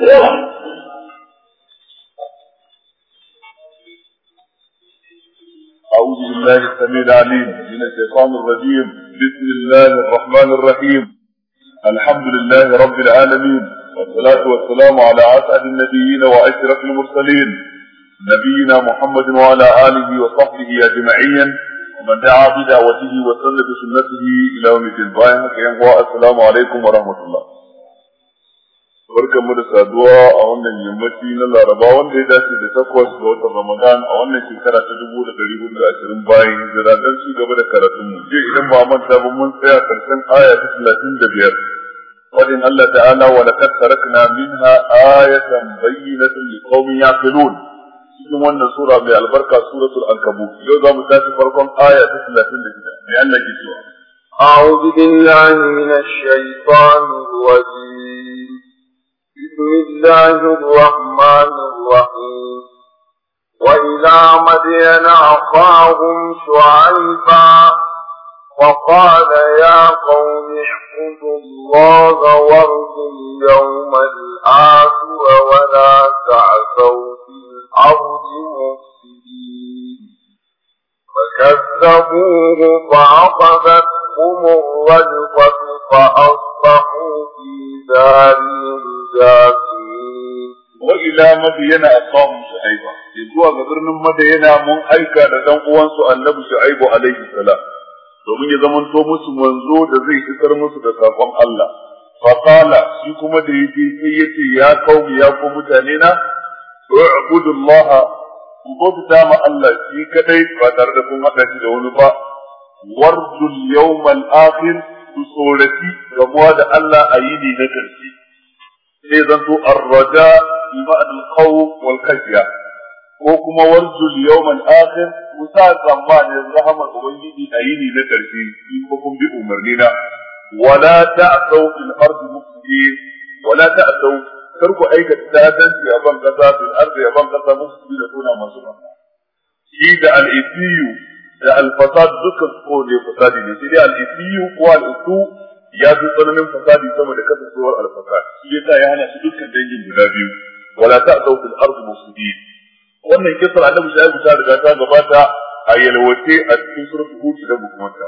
أعوذ بالله السميع العليم من الشيطان الرجيم بسم الله الرحمن الرحيم الحمد لله رب العالمين والصلاة والسلام على أسعد النبيين وأشرف المرسلين نبينا محمد وعلى آله وصحبه أجمعين ومن دعا بدعوته وسلم بسنته إلى يوم الدين السلام عليكم ورحمة الله barkan mu da saduwa a wannan yammaci na laraba wanda ya dace da takwas ga watan ramadan a wannan shekara ta dubu da dari hudu da ashirin bayan hijira don ci gaba da karatun mu je idan ba manta ba mun tsaya karshen aya ta talatin da biyar fadin allah ta'ala wa laqad tarakna minha ayatan bayyinatan liqaumin yaqilun cikin wannan sura mai albarka suratul ankabut yau za mu tashi farkon aya ta talatin da shida mai allah ke cewa أعوذ بالله من الشيطان الرجيم بسم الله الرحمن الرحيم وإلى مدين أخاهم شعيبا وقال يا قوم اعبدوا الله وارجوا اليوم الآخر ولا تعثوا في الأرض مفسدين فكذبوه فأخذتهم الرجفة فأصبحوا في دارهم جاثمين وإلى مدين أخاهم شعيبا يزوى غبرن مدين من أيكا لدن أوانسو النبي شعيب عليه السلام domin ya zamanto musu manzo da zai isar musu da sakon Allah faqala shi kuma da yaje sai yace ya kaumi ya ku mutane na u'budullaha ku bauta ma Allah shi kadai ba tare da kun haɗa shi da wani ba warjul yawmal akhir ku tsorati gamuwa da Allah a yi ne na karshe sai zanto arraja bi ma'anil khawf wal khashya ko kuma warjul yawmal akhir ku sa tsammanin rahamar ubangiji a yi ne na karshe in ba kun bi umarni na wala ta'tau fil ardi mufsidin wala ta'tau kar ku aikata dadanci a ban kasa bil ardi a ban kasa musu da suna masu banna shi da al-ifiyu da al-fasad duka ko ne fasadi ne shi da al-ifiyu ko al-usu ya fi tsananin fasadi sama da kasancewar al-fasad shi yasa ya hana shi dukkan dangin guda biyu wala ta'tau fil ardi mufsidin wannan kisar annabi shaibu ta riga ta gabata a yalwace a cikin suratul hud da bukumanta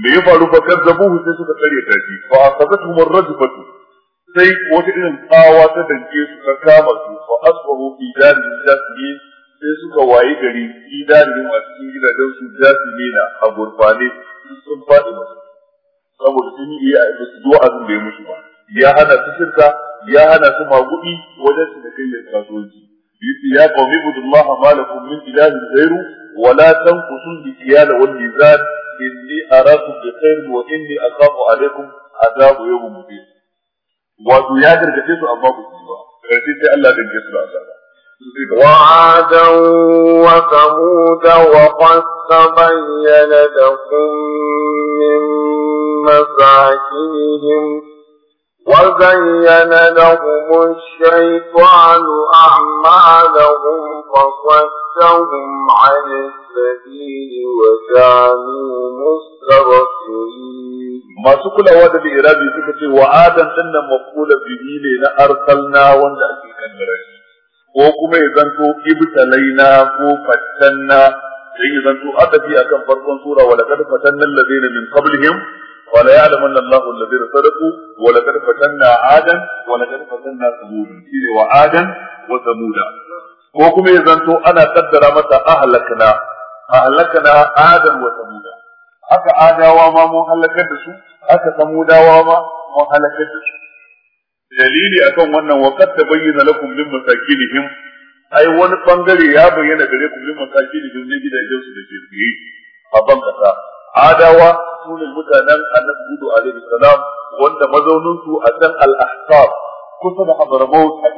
me ya faru fa kazzabuhu sai suka kare ta shi fa asabathum ar-rajfatu sai wata irin tsawa ta dange su ta kama su fa asbahu fi darin jasimin sai suka wayi gari fi darin a cikin gidajen su na a gurfane sun faɗi masu saboda sun yi iya da su zo azin bai musu ba ya hana su shirka ya hana su magudi wajen su da kayyar kasuwanci yace ya qawmi budullah ma lakum min ilahin ghairu wa la tanqusul biqiyala wal mizan inni arakum bi khair wa inni akhafu alaykum adhabu yawmin mubin wato ya su amma ba su ba sai Allah da su وعادا وثمود وقد تبين لكم من مساكنهم وزين لهم الشيطان أعمالهم فصدهم عن السبيل وكانوا مستبصرين masu kulawa da irabi suka ce wa adan dinnan mafula bihi ne na arsalna wanda ake kan rashi ko kuma ya zanto ibtalaina ko fatanna sai ya zanto aka bi akan farkon sura wa laqad fatanna alladhina min qablihim wa la ya'lamanna Allahu alladhina sadaqu wa laqad fatanna adan wa laqad fatanna thamud shine wa adan wa thamuda ko kuma ya zanto ana kaddara masa ahlakna halakana adam wa samuda haka adawa ma mun halakar da su haka samudawa ma mun halakar da su dalili akan wannan wa qad tabayyana lakum min masakinihim ai wani bangare ya bayyana gare ku min masakinihim ne gidajen su da ke tsaye a adawa sune ne mutanen annabi hudu alaihi salam wanda mazaunin a can al-ahsab kusa da hadramaut a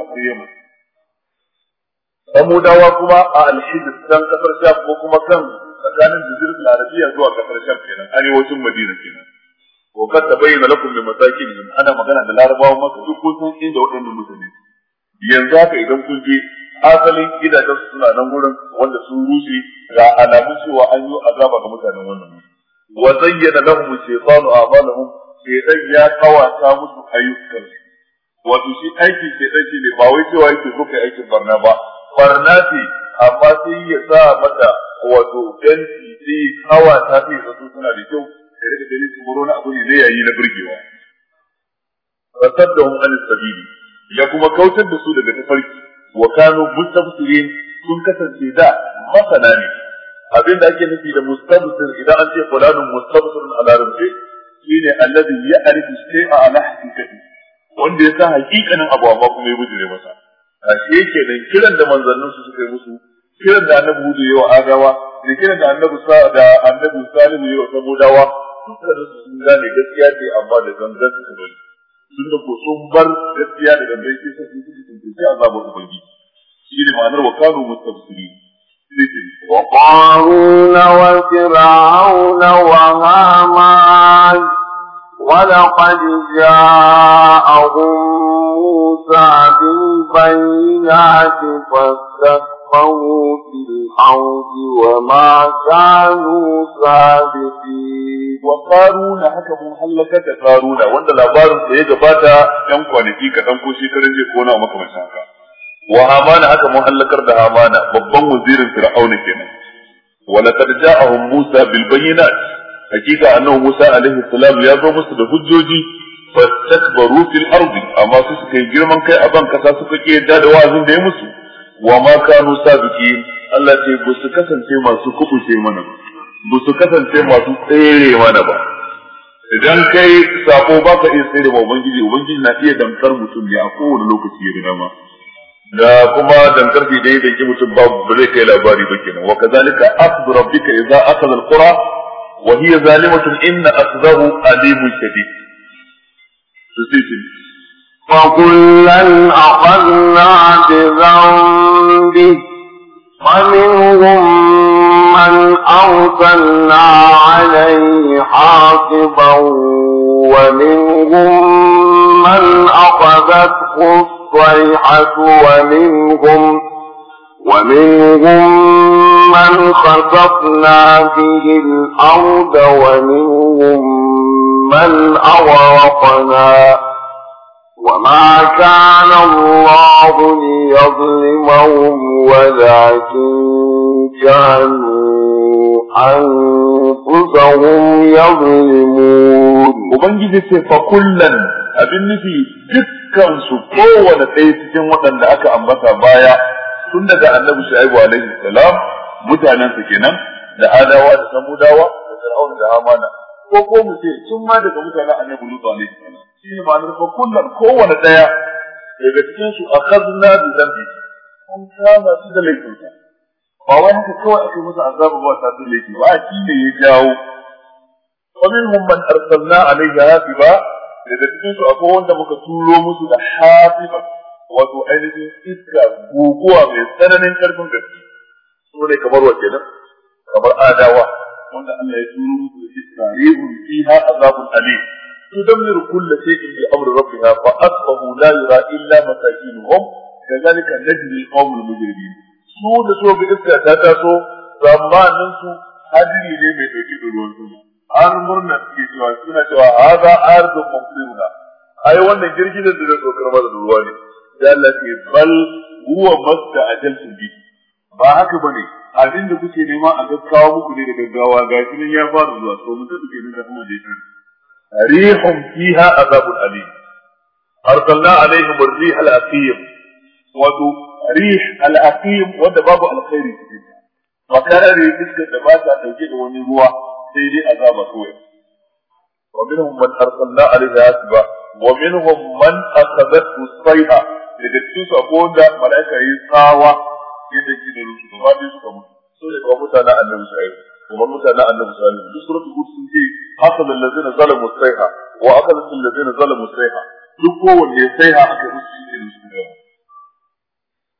samudawa kuma a alhijir dan kasar sham ko kuma kan tsakanin jazirul arabiya zuwa kasar sham kenan arewacin madina kenan ko kad tabayyana lakum bi min ana magana da larabawa maka duk kun san inda waɗannan mutane yanzu haka idan kun je asalin gidajen su suna nan gurin wanda sun rushe ga alamun cewa an yi azaba ga mutanen wannan wa zayyana lahum shaytanu a'malahum shaytan ya kawata musu ayyukan wato shi aikin shaytan ne ba wai cewa yake zo aikin barna ba barna ce amma sai ya sa mata wato fenti sai hawa ta fi zato suna da kyau da daga gani tsoro na abu ne zai yayi na burgewa fasaddahum an sabili ya kuma kautar da su daga tafarki wa kanu mustabsirin sun kasance da masana ne abin da ake nufi da mustabsir idan an ce fulanun mustabsirun a larabce shine alladhi ya'rifu shay'a ala haqiqati wanda ya sa haqiqanin abu amma kuma ya bujure masa a shi kenan kiran da manzannin su suka yi musu kiran da annabi hudu yawa adawa da kiran da annabi da annabi salihu yawa samudawa dukkanin su sun gane gaskiya ce amma da gangan su bari sun da ko sun bar gaskiya da gangan shi sun fi tuntunce azabar ubangiji shi ne ma'anar wa kanu mustafsirin وقارون وفرعون وهامان ولقد جاءهم موسى بالبينات فاستكبروا في الأرض وما كانوا سابقين وقارون هكا مهلكة قارون وانت لابارن سيجباتا كم kwanaki kaɗan ko shekarun jiya ko na makamancin haka wa hamana haka mun hallakar da hamana babban wazirin fir'auna kenan wa laqad ja'ahum musa hakika annabi Musa alaihi salam ya zo musu da hujjoji fastakbaru fil ardi amma su suka yi girman kai a ban kasa suka ke yadda da wa'azin da ya musu wa ma kanu sabiki Allah ce ba su kasance masu kubuce mana ba su kasance masu tsere mana ba idan kai sako baka iya tsere ba ubangiji ubangiji na iya damkar mutum ne a kowane lokaci ya dama da kuma dankar da ya mutum ba zai kai labari ba kenan wa kazalika akhdhu rabbika idza akhadha alqura وهي ظالمة إن أخذه أليم شديد shadid وكلا أخذنا بذنبه ومنهم من أرسلنا عليه حاصبا ومنهم من أخذته الصيحة ومنهم ومنهم من خسفنا به الأرض ومنهم من أغرقنا وما كان الله ليظلمهم ولكن كانوا أنفسهم يظلمون ومن سيفا كلا abin nufi dukkansu kowane ɗaya cikin waɗanda aka ambata baya tun daga annabi shu'aibu alaihi salam mutanen su kenan da adawa da samudawa da fir'auna da hamana ko ko mu ce tun ma daga mutanen annabi lutu alaihi salam shi ne ma'anar fa kullum kowane daya daga cikin su akhadna bi dhanbi kun kama su da laifin ba wai haka kawai ake musu azaba ba ta da laifi ba shi ne ya jawo ومنهم من أرسلنا عليه هاتفا daga cikin su akwai wanda muka turo musu da hafifa wato ainihin iska guguwa mai tsananin karfin gaske su ne kamar wa nan, kamar adawa wanda Allah ya turo musu da iska rihun fiha azabun alim تدمر كل شيء بأمر ربها فأصبحوا لا يرى إلا مساكنهم كذلك نجزي القوم المجرمين su da so ga iska ta taso zamanin su hadiri ne mai dauki da ruwan sama an murna suke cewa suna cewa haza arzun mafiruna ai wannan girgizar da zai tsokar masa da ruwa ne sai Allah ce bal huwa masta ajaltu bi ba haka ba ne, abin da kuke nema a gaggawa muku ne da gaggawa ga shi ya fara zuwa to mun kuke nan da kuma dai rihum fiha azabun alim arsalna alaihim ar-rih al-aqim wato rih al-aqim wanda babu alkhairi cikin makarar iskar da ba ta dauke da wani ruwa sai dai azaba kawai ومنهم من أرسلنا عليه حاسبا ومنهم من أخذته الصيحة daga cikin su akwai wanda mala'ika yi tsawa yadda ke da rusu gaba ɗaya suka mutu so ne kuma mutanen annabi sa'ayi kuma mutanen annabi sa'ayi duk suratul hud sun ce hasal allazina zalamu sayha wa akalat allazina zalamu sayha duk kowanne saiha aka yi musu shi ne su da yawa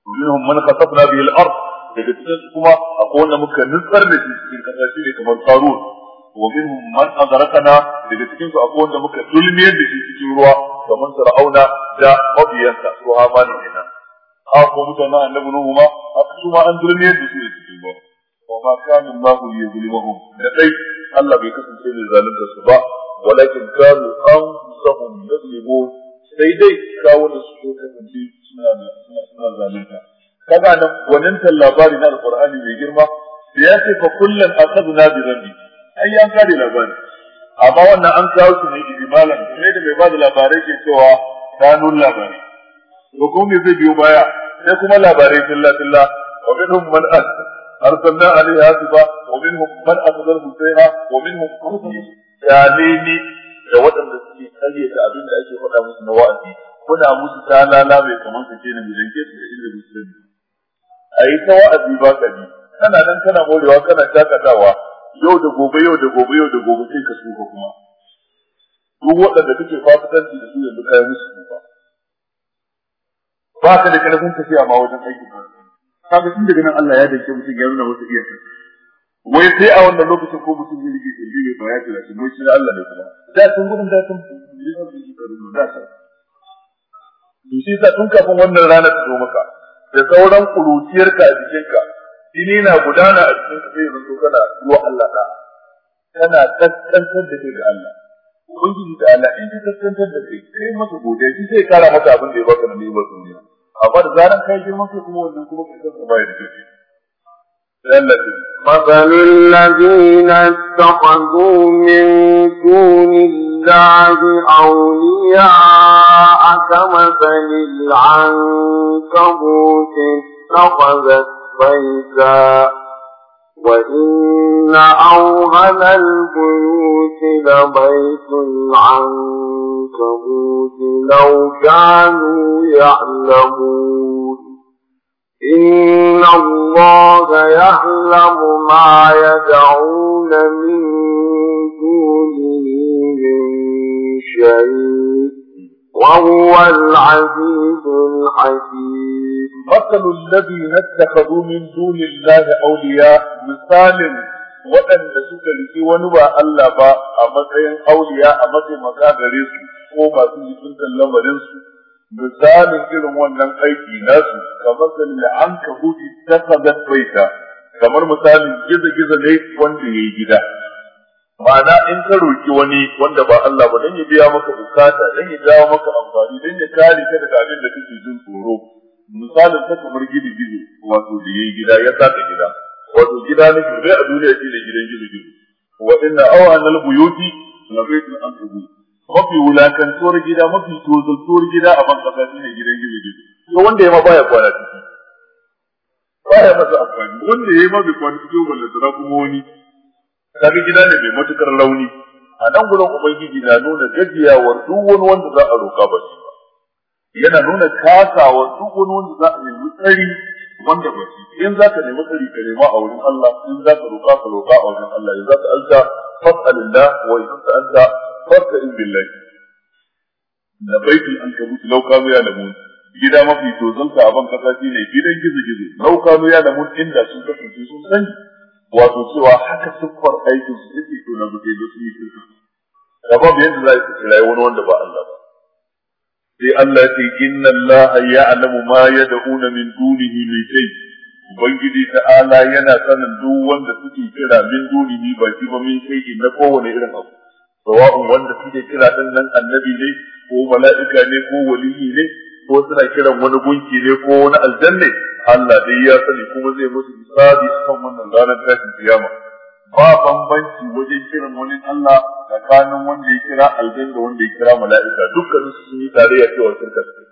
ومنهم من خسفنا به الارض daga cikin su kuma akwai wanda muka nutsar da shi cikin kasa shi ne kamar karun wa minhum man azrakana daga cikin su akwai wanda muka dulmiyar da shi cikin ruwa kamar sar'auna da mabiyansa su hamani kenan a ko mutanen annabi nuhu ma haka su ma an zulmi yadda su cikin ba wa ma kana Allahu yuzlimuhum da dai Allah bai kasance mai zalunta su ba walakin kanu anfusahum yuzlimun sai dai kawunan su kasance suna suna zalunta kaga nan wannan labari na alqur'ani mai girma da ya ce fa kullun akhadna bi dhanbi ai an kare labari amma wannan an kawo su ne ijimalan kuma da mai ba da labarai ke cewa kanun labarai to kuma me zai biyo baya sai kuma labarai tilla tilla wa minhum man as arsalna alaiha tuba wa minhum man asdar husayna wa minhum kufi yalini da waɗanda suke kare da abin da ake faɗa musu na wa'azi kuna musu lala bai kamar ka ce na mu ke da inda musulmi a yi ta wa'azi ba ka kana nan kana morewa kana shakatawa yau da gobe yau da gobe yau da gobe sai ka suka kuma duk waɗanda kake fasikanci da su yanzu kayan musu ba ba ka da karfin tafiya ma wajen aikin ka kaga tun daga nan Allah ya dace mutum ya nuna masa iyaka wai sai a wannan lokacin ko mutum zai rike kirji ne ba ya kira shi mu shi Allah ne kuma da sun gudun da sun da sun to shi sa tun kafin wannan ranar ta zo maka da sauran kuruciyarka a jikinka jini na gudana a cikin kafin yanzu ko kana zuwa Allah ka kana tattantar da kai ga Allah ubangiji da Allah in ka tattantar da kai kai maka gode shi zai kara maka abin da ya baka na neman duniya amma da zaran kai girman maka kuma wannan kuma ka san ba ya da kai مثل الذين اتخذوا من دون الله أولياء كمثل العنكبوت اتخذت بيتا وإن أوهن البيوت لبيت العنكبوت لو كانوا يعلمون إن الله يعلم ما يدعون من دونه من شيء وهو العزيز الحكيم مثل الذين اتخذوا من دون الله أولياء مثال waɗanda suka riki wani ba Allah ba a matsayin auliya a mataimaka gare ko masu jikuntan lamarinsu misalin irin wannan aiki nasu kamar da an ka hudu ta kazan baita kamar misalin gizo-gizo ne wanda ya yi gida ma'ana in ka roki wani wanda ba Allah ba dan ya biya maka bukata dan ya jawo maka amfani dan ya kare ka daga abin da kake jin tsoro misalin ka kamar gidi gidi wato da yayi gida ya saka gida wato gida ne ke a duniya ce ne gidan gidi gidi wa inna awana al-buyuti la baytun anqabu mafi tsoro gida mafi tsoro gida a ban kasa shine gidan gidi gidi to wanda ya ma baya kwana ciki baya masa amfani wanda ya ma bai kwana ciki ba da kuma wani kaga gida ne mai matukar launi a nan gurin ubangiji na nuna gajiyawar duk wani wanda za a roƙa ba shi ba yana nuna kasawar duk wani wanda za a nemi tsari wanda ba shi in za ka nemi tsari ka nema a wurin Allah in za ka roƙa ka roƙa a wurin Allah in za ka alta fas'alillah wa in ta anta fas'al billahi da baiti an ka mutu lauka ya da mutu gida mafi tozonka a ban kasa shine gidan gizo gizo lauka ya da mutu inda sun kasance sun sani wato cewa haka siffar aikin su take to na mutai da su yi shirka da babu yadda za su kira wani wanda ba Allah ba sai Allah ce inna Allah ya'lamu ma yad'una min dunihi mai shay ubangiji ta'ala yana sanin duk wanda suke kira min dunihi ba shi ba min shay na kowane irin abu sawa'un wanda suke kira din nan annabi ne ko mala'ika ne ko waliyi ne ko suna kiran wani gunki ne ko wani aljanna Allah dai ya sani kuma zai musu hisabi akan wannan ranar tashin kiyama ba bambanci wajen kiran wani Allah tsakanin wanda ya kira aljanna da wanda ya kira mala'ika dukkan sun yi tarayya cewa shirka su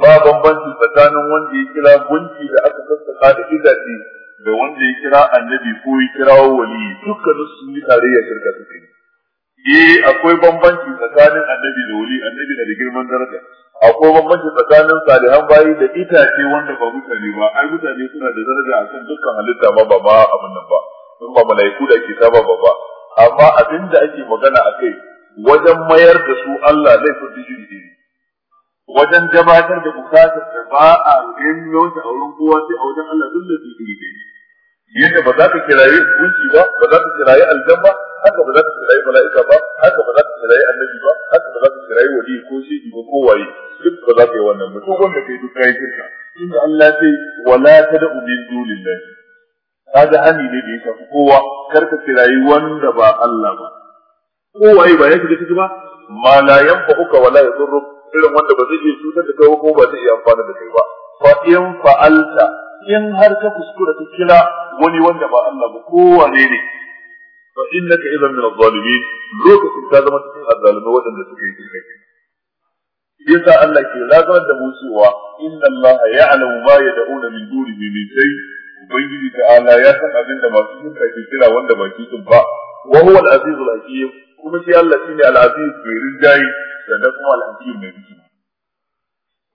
ba bambanci tsakanin wanda ya kira gunki da aka sassaka da gidaje da wanda ya kira annabi ko ya kira wali dukkan sun yi tarayya shirka su eh akwai bambanci tsakanin annabi da wuri, annabi da girman daraja akwai bambanci tsakanin salihan bayi da itace wanda ba mutane ba ai mutane suna da daraja akan dukkan halitta ba ba ma abin nan ba sun ba malaiku da ke saba ba ba amma abin da ake magana a kai, wajen mayar da su Allah zai fi jiri wajen gabatar da bukatar da ba a ganyo ta auren kowa sai a wajen Allah duk da jiri ne yadda ba za ka kiraye gunki ba ba za ka kiraye aljan haka ba za ka kirayi mala'ika ba haka ba za ka kirayi annabi ba haka ba za ka kirayi wali ko shehi ba ko waye duk ba za ka yi wannan mutum wanda kai duk kai shirka inda Allah ya ce wala tad'u min dunillahi kaga hani ne da ya shafi kowa kar ka kirayi wanda ba Allah ba ko waye ba ya shiga ciki ba ma la yanfa'uka wala yadurruk irin wanda ba zai iya cutar da kai ko ba zai iya amfana da kai ba fa in fa'alta in har ka kuskura ka kira wani wanda ba Allah ba kowane ne fa innaka idan min adh-dhalimin lokacin ka zama cikin azzalimai waɗanda suka yi shirka yasa Allah ke lazar da mu cewa inna Allah ya'lamu ma yad'una min dunihi min shay ubangiji ta'ala ya san abin da masu shirka ke kira wanda ba shi ba wa huwa al-aziz hakim kuma shi Allah shine al-aziz mai rinjaye da kuma al-hakim mai hikima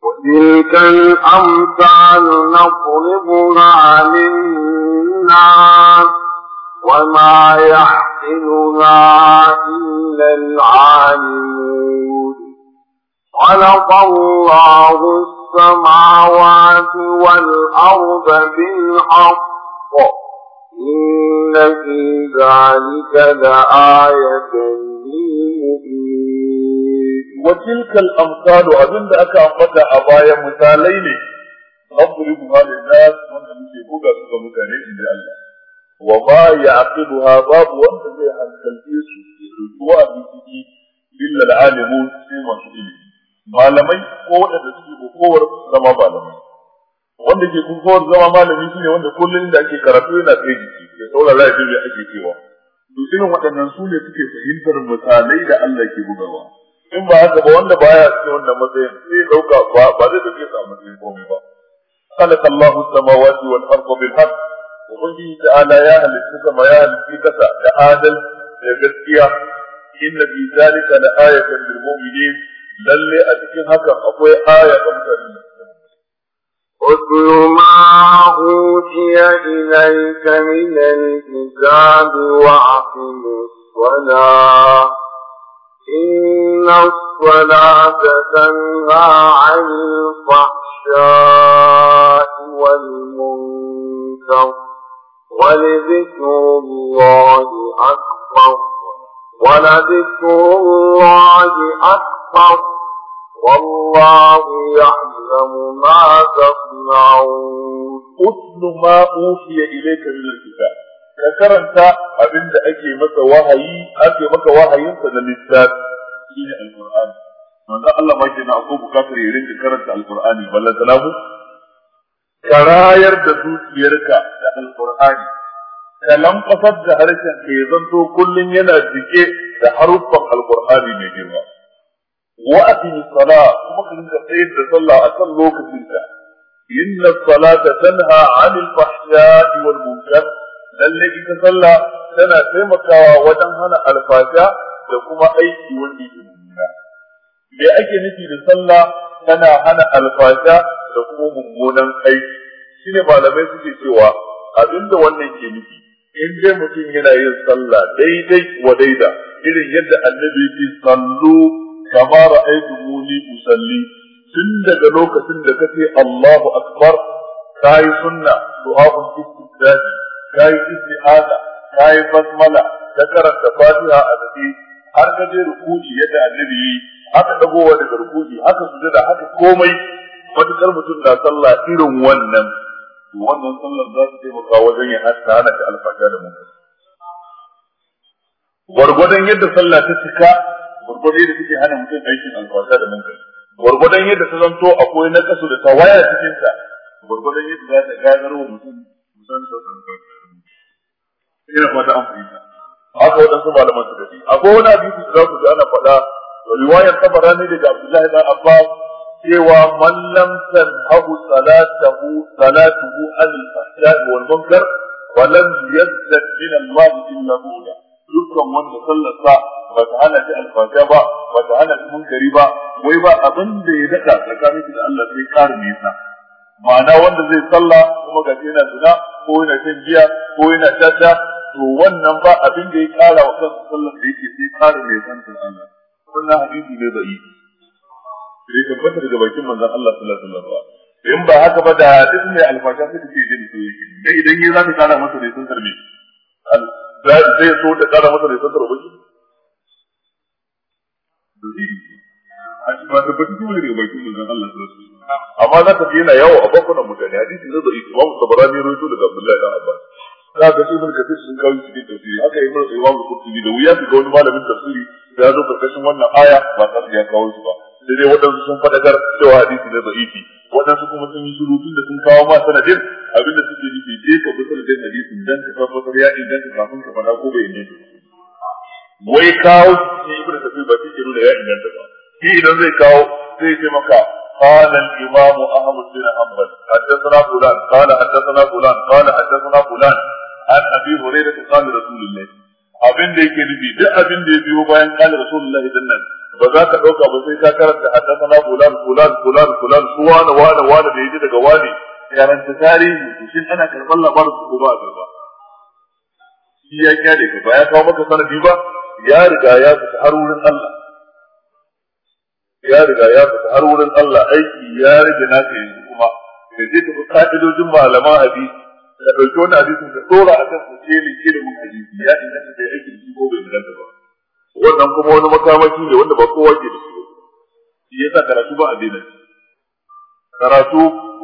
وتلك الأمثال نضربها للناس وما يحسنها إلا العالمون خلق الله السماوات والأرض بالحق إن في ذلك لآية للمؤمنين وتلك الأمثال أظن أك أنبت أبايا مثالين نضربها للناس وأنت مثل بوكا سوى مثالين لله wa ma ya ya'qiluha babu wanda zai hankalce su ya rubuwa a ciki illa al sai masu ilimi malamai ko waɗanda suke kokowar zama malamai wanda ke kokowar zama malami shine wanda kullum da ake karatu yana kai jiki ya saurara ya ji ake cewa to irin waɗannan su ne suke fahimtar misalai da Allah ke bugawa in ba haka ba wanda baya cikin wannan matsayin sai dauka ba ba zai dauke su a matsayin komai ba خلق الله السماوات والأرض بالحق ubangiji ta ala ya halitta sama ya halitta kasa da adal da gaskiya inna fi zalika la ayatan lil mu'minin lalle a cikin hakan akwai aya ga mutane اتل ما أوتي إليك من الكتاب وأقم الصلاة إن الصلاة تنهى عن الفحشاء والمنكر ولذكر الله أكبر ولذكر الله أكبر والله يعلم ما تصنعون اتل ما أوحي إليك من الكتاب كثرت أبن أجي مكة وهي أجي مكة وهي ينفذ اللسان إلى القرآن من الله ما يجينا نعطوه كثر يرد كرت القرآن ولا تلاه ka rayar da zuciyarka da alqur'ani ka lankwasar da harshen ka ya zanto kullum yana jike da haruffan alqur'ani mai girma wa aqimi sala kuma ka rinka tsayar da sallah a kan lokacinta inna salata tanha 'anil fahsha'i wal munkar lalle ita sallah tana taimakawa wajen hana alfasha da kuma aiki wanda yake mummuna me ake nufi da sallah tana hana alfasha da kuma mummunan aiki shine malamai suke cewa abinda wannan ke nufi in dai mutum yana yin sallah daidai wa daida irin yadda annabi yake sallu kama ra'aytu muni usalli tun daga lokacin da kace Allahu akbar kai sunna du'a'un istiqdad kai isti'ada kai basmala ka karanta fatiha a ciki har ka je rukuci yadda annabi yi haka dagowa daga rukuci haka sujada haka komai matukar mutum na sallah irin wannan to wannan sallar za su taimaka wajen ya hasa hana ta alfasha da mutum gwargwadon yadda sallah ta cika gwargwadon yadda take hana mutum aikin alfasha da mutum gwargwadon yadda ta zanto akwai na kasu da tawaya cikin gwargwadon yadda za ta gagar wa mutum musan sauran ina fata an fahimta haka waɗansu malaman su da shi akwai wani abin da za ku ji ana faɗa riwayar tabarani daga Abdullahi dan Abbas cewa man lam tanhahu salatahu salatuhu an al-fahsha'i wal munkar wa lam yazdad min Allah illa bu'da dukkan wanda sallarsa ba ta hana shi alfasha ba ba ta hana shi munkari ba wai ba abin da ya daɗa tsakanin shi da Allah sai ƙara nisa ma'ana wanda zai sallah kuma ga yana zina ko yana shan giya ko yana tata to wannan ba abin da ya ƙara wa kansa sallar da yake sai ƙara nisan ta Allah wannan hadisi ne da'ifi bai tabbata daga bakin manzon Allah sallallahu alaihi wasallam in ba haka ba da duk mai alfasha suka ce jin so yake dai idan yi za ka kara masa da sun karbe zai so ta kara masa da sun shi? a shi ba tabbata kuma daga bakin manzon Allah sallallahu alaihi wasallam amma za ka ji yana yawo a bakon mutane hadisi na zai imamu tabarani rawaito daga Abdullahi dan Abbas za ka sun ka tafi sun kawo cikin tafsiri haka yi mana imamu kurtubi da wuya su ga wani malamin tafsiri da ya zo karkashin wannan aya ba tare da ya kawo su ba sai dai waɗansu sun faɗakar cewa hadisi ne da'ifi waɗansu kuma sun yi surutun da sun kawo ma sanadin abinda suke nufi je ka bi sanadin hadisin dan ka tabbatar ya kafin ka faɗa ko bai inganta wai kawo shi ibnu tafi ba shi nuna ya inganta ba shi idan zai kawo sai ce maka قال الإمام أحمد بن حنبل حدثنا فلان قال حدثنا فلان قال حدثنا فلان عن أبي هريرة قال رسول الله abin da yake nufi duk abin da ya biyo bayan kala ba za ka ɗauka ba sai ka karanta a haddasa fulan fulan fulan fulan su wane wane wane da ya ji daga wane karanta tarihi shi ana karɓar labarin su ko ba a karɓa shi ya kyale ka ba ya kawo maka sanadi ba ya riga ya fita har wurin Allah ya riga ya fita har wurin Allah aiki ya rage naka yanzu kuma da zai tafi ka'idojin malaman hadisi da ɗauki wani hadisin da ɗora a kan su ce ne ke da mun hadisi ya inganta da aiki ko bai inganta ba wannan kuma wani makamaki ne wanda ba kowa ke da shi shi yasa karatu ba a daina karatu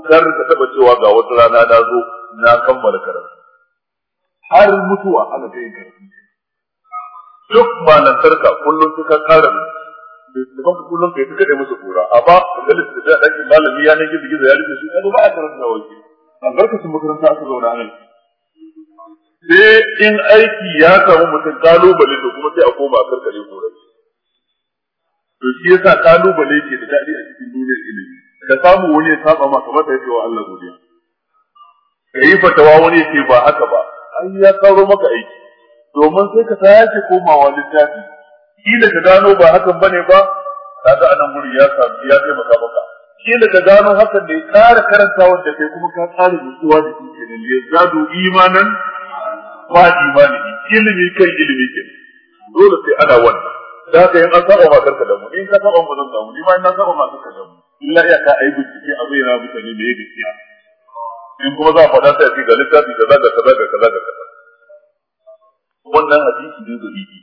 kar ka taba cewa ga wata rana na zo na kammala karatu har mutuwa ana ga yin karatu duk malantarka kullum suka kara littafin ka kullum kai suka dai musu kura amma ga littafin da ɗakin malami ya ne gizo gizo ya rike su yanzu ba a karanta waje albarkacin makaranta aka zauna a nan sai eh, in aiki ya samu mutum kalubale to kuma sai a koma a karkare shi. to shi yasa kalubale ke da daɗi a cikin duniyar ilimi ka samu wani ya saba ma kamar da yake wa Allah godiya ka yi fatawa wani ya ce ba haka ba an ya karo maka aiki domin sai ka sake komawa littafi kila ka gano ba hakan bane ba kaga anan guri ya samu ya taimaka maka kila ka gano hakan ne ƙara karanta wanda kai kuma ka ƙara nutsuwa da shi kenan ya zado imanan ma imani ilimi kan ilimi ke dole sai ana wannan Za ka yi an saba matar ka damu in ka saba mu zan damu ni ma in na saba matar ka damu illa iya ka ayi bincike a yana mutane me ya gaskiya in kuma za a faɗa ta ce ga littafi kaza ga kaza ga kaza ga kaza wannan hadisi ne da ibi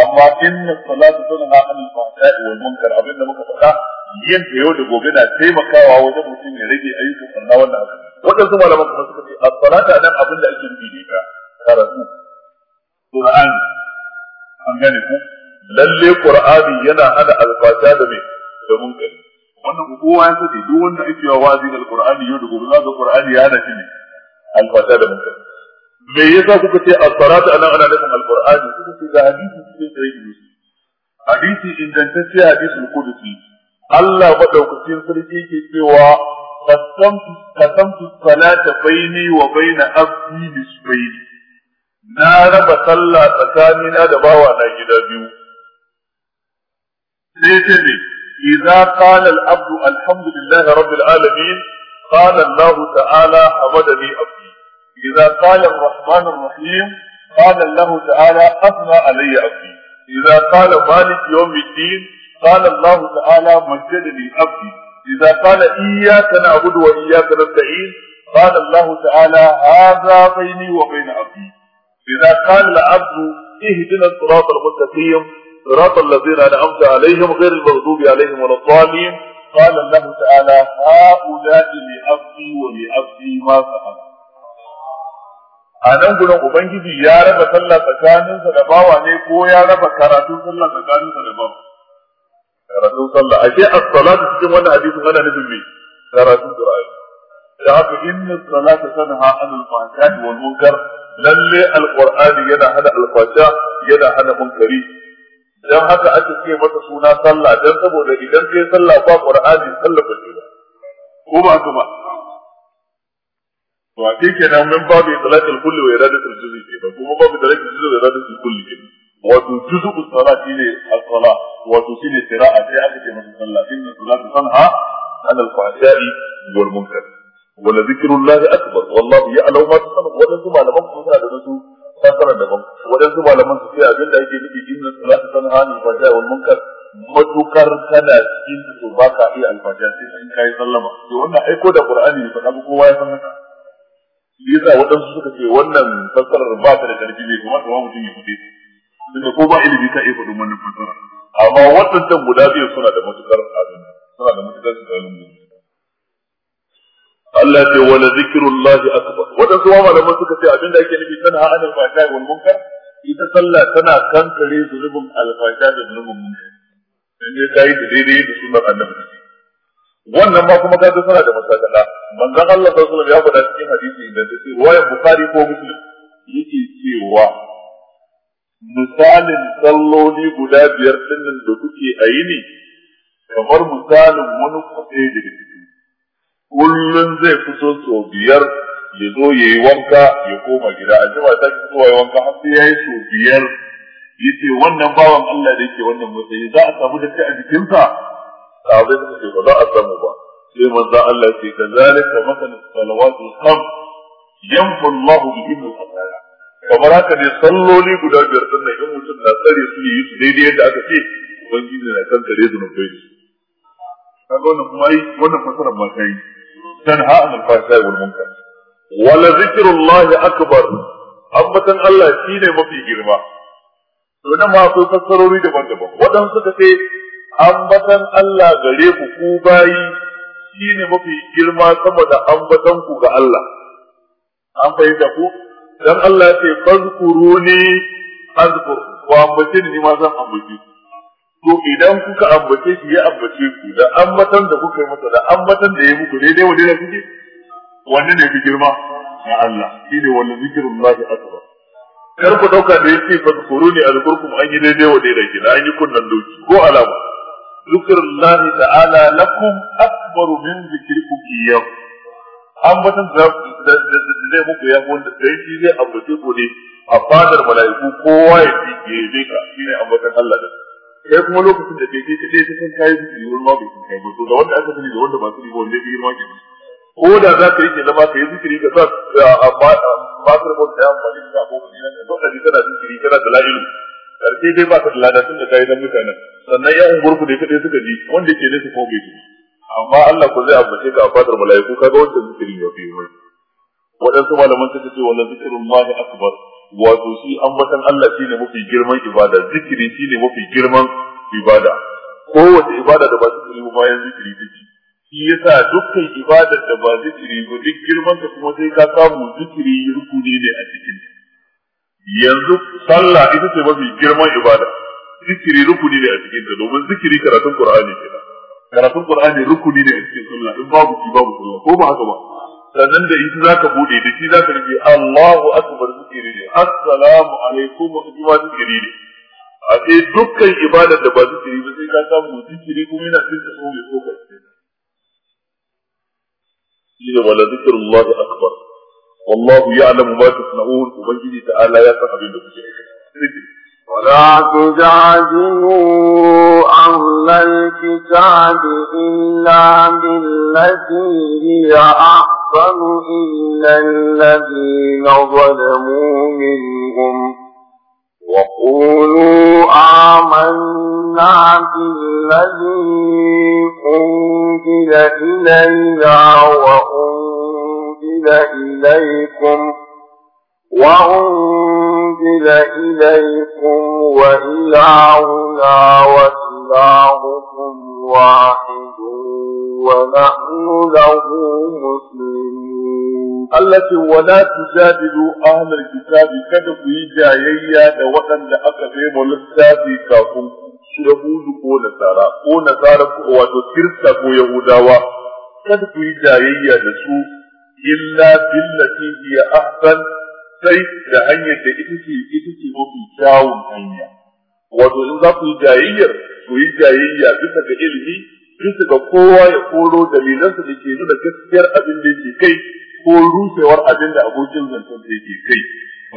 amma inna salatu tunha anil fahsai wal munkar abinda muka faɗa yin ta yau da gobe na taimakawa wajen mutum ya rage ayyukan sannan wannan waɗansu malaman kuma suka ce a salata nan abinda ake nufi ne ka karatu qur'ani an gane ku lalle qur'ani yana hana alfata da mai da munkari wannan kowa ya sani duk wanda ake wa wazi da alqur'ani yau da gobe zaka qur'ani ya hana shi ne alfata da munkari me yasa kuka ce as-salatu anan ana nufin alqur'ani kuka ce da hadisi cikin sahihi muslim hadisi ingantacce hadisul qudsi Allah madaukakin sarki ke cewa qasamtu qasamtu salata baini wa baina abdi bisbayni na raba sallah tsakanina da bawa na gida biyu sai ce ne idza qala al abdu alhamdulillahi rabbil alamin qala allah ta'ala abadani abdi idza qala ar rahman qala allah ta'ala asma alayya abdi idza qala malik yawm الدين قال الله تعالى مجدني عبدي إذا قال إياك نعبد وإياك نستعين قال الله تعالى هذا wa وبين عبدي إذا قال العبد اهدنا الصراط المستقيم صراط الذين أنعمت عليهم غير المغضوب عليهم ولا الضالين قال الله تعالى هؤلاء لعبدي ولعبدي ما فعل a nan gurin Ubangiji ya raba sallah tsakaninsa da bawa ne ko ya raba karatun sallah tsakaninsa da bawa. Karatun sallah, ashe as-salatu cikin wannan hadisin ana nufin me? Karatun Qur'ani. da haka inna salata tanha anil fahsha'i wal munkar lalle alqur'ani yana hana alfasha yana hana munkari dan haka ake ce masa suna sallah dan saboda idan kai sallah ba qur'ani sallah ba ce ko ba ka to a ce kenan min babu salatul kulli wa iradatul juz'i kenan kuma babu salatul juz'i wa iradatul kulli kenan wato juz'u salati ne al sala wato shine qira'a sai aka ce masa sallah inna salata tanha anil fahsha'i wal munkar wala zikirun zikrullahi akbar wallahu ya'lamu ma tasnun wadansu malaman kuma suna da su fasara daban wadansu malaman su ce abin da ake nufi inna salata tanha anil fahsha'i wal munkar matukar kana cikin su ba ka iya alfahsha sai in kai sallama to wannan aiko da qur'ani ne fa kowa ya san haka yasa waɗansu suka ce wannan fassarar ba ta da ƙarfi ne kuma ta mutum ya fite tunda ko ba ilimi ka iya faɗin wannan fassara amma waɗannan guda biyu suna da matukar abin suna da matukar su da Allah ce Wani wala zikrullahi akbar wadan su malaman suka ce abin da ake nufi tana anil fahsha wal munkar ita sallah tana kankare zulubin alfasha da zulubin munkar dan ne kai da daidai da sunan annabi wannan ma kuma kaga suna da masakala manzon Allah sallallahu alaihi wasallam ya faɗa cikin hadisi da take riwayar bukhari ko muslim yake cewa misalin salloli guda biyar dinnan da kuke a ne kamar misalin wani kwaɗe daga kullum zai fito sau biyar ya zo ya yi wanka ya koma gida a jima ta ki zuwa wanka har sai ya yi sau biyar ya ce wannan bawan Allah da yake wannan matsayi za a samu da a jikinsa sahabai suka ce ba za a samu ba sai manzo Allah ce ka zalika masalan salawatu kham yanfu Allah da al-qadaya kamar haka ne salloli guda biyar din nan in mutum na tsare su ne yi su daidai yadda aka ce ubangiji na kankare zunubai da su kaga wannan kuma yi wannan fasarar ba ta yi تنهى عن الفحشاء والمنكر ولذكر الله أكبر أمة الله شيني مفي جرما sunan ma akwai fassarori daban-daban waɗansu suka ce ambatan Allah gare ku ku bayi shine mafi girma sama da ambatan ga Allah an fahimta ku dan Allah ya ce fazkuruni azkur wa ambatin ni ma zan ambaci ku to idan kuka ambace shi ya ambace ku da ambatan da kuka yi masa da ambatan da ya muku daidai wajen da kuke wanne ne fi girma na Allah shi ne wanda zikirullahi akbar kar ku dauka da yace fa kuruni azkurkum an yi daidai wa daidai da an yi kunnan doki ko alama zikrullahi ta'ala lakum akbaru min zikrikum iyyahu ambatan da zai muku ya wanda da shi zai ambace ku ne a fadar mala'iku kowa ya ji ya ka ne ambatan Allah da sai kuma lokacin da bai je ta ta san kayi su yiwuwar ma bai san kayi ba to da wanda aka sani da wanda ba su yi ba wanda bai yi ma kenan ko da za ka yi ke zama ka yi zikiri ka sa fatar ko ta yi amfani da abokan yana da duk da kana zikiri kana da la'ilu karshe dai ba ka da lada tun da kayi dan mutanen sannan ya ungur ku dai kadai suka ji wanda ke nesa ko bai ji amma Allah ko zai ambace ka a fatar mala'iku kaga wanda zikiri ya fi yi wadansu malaman suka ce wannan zikirin ma ne akbar wato shi batan Allah shine mafi girman ibada zikiri shine mafi girman ibada kowace ibada da ba zikiri ba bayan zikiri take shi yasa dukkan ibadar da ba zikiri ba duk girman ta kuma sai ka samu zikiri rukuni ne a cikin yanzu sallah ita ce mafi girman ibada zikiri rukuni ne a cikin ta domin zikiri karatun qur'ani kenan karatun qur'ani rukuni ne a cikin sallah in babu shi babu sallah ko ba haka ba sannan da ita za ka bude da shi za ka rike Allahu akbar zikiri ne assalamu alaikum wa kuma zikiri ne a sai dukkan ibadar da ba zikiri ba sai ka samu zikiri kuma yana cikin ta so mai so ka ce shi da wala Allahu akbar wallahu ya'lamu ma tasna'un ubangiji ta'ala ya san abin da kuke aikata ولا تجادلوا أهل الكتاب إلا بالتي هي أحسن إلا الذين ظلموا منهم وقولوا آمنا بالذي أنزل إلينا وأنزل إليكم وأنزل إليكم وإلهنا وإلهكم واحد ونحن له مسلمون التي ولا تجادلوا أهل الكتاب كتب في جايية وطن لأكثر من السابقكم شرهود كو نسارا كو نسارا كو وتسرسا كو يهوداوا كتب في جايية إلا بالتي هي أحسن sai da hanyar da ita ce ita ce mafi kyawun hanya wato in za ku yi jayayyar ku yi jayayya bisa ga ilimi bisa ga kowa ya koro dalilansa da ke nuna gaskiyar abin da yake kai ko rushewar abin da abokin zancen da yake kai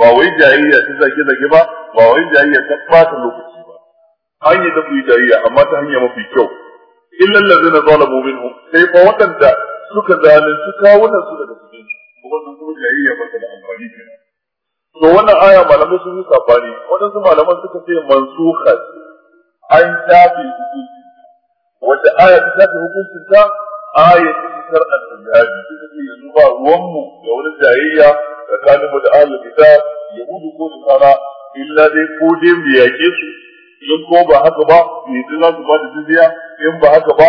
ba wai jayayya ta zage zage ba ba wai jayayya ta bata lokaci ba hanyar da ku yi jayayya amma ta hanya mafi kyau illal ladzina zalamu minhum sai fa waɗanda suka zalunci kawunan su daga cikin su wannan kuma jayayya ba ta da amfani kenan to wannan aya malamai sun yi sabani waɗansu malaman suka ce mansuha an shafe hukuncin wata aya ta shafe hukuncin ta aya ta fitar a tsayyari suka ce yanzu ba ruwanmu da wani jayayya tsakaninmu da ahlul kitab yahudu ko nasara illa dai ko dai mu yaƙe su in ko ba haka ba me za su ba da jizya in ba haka ba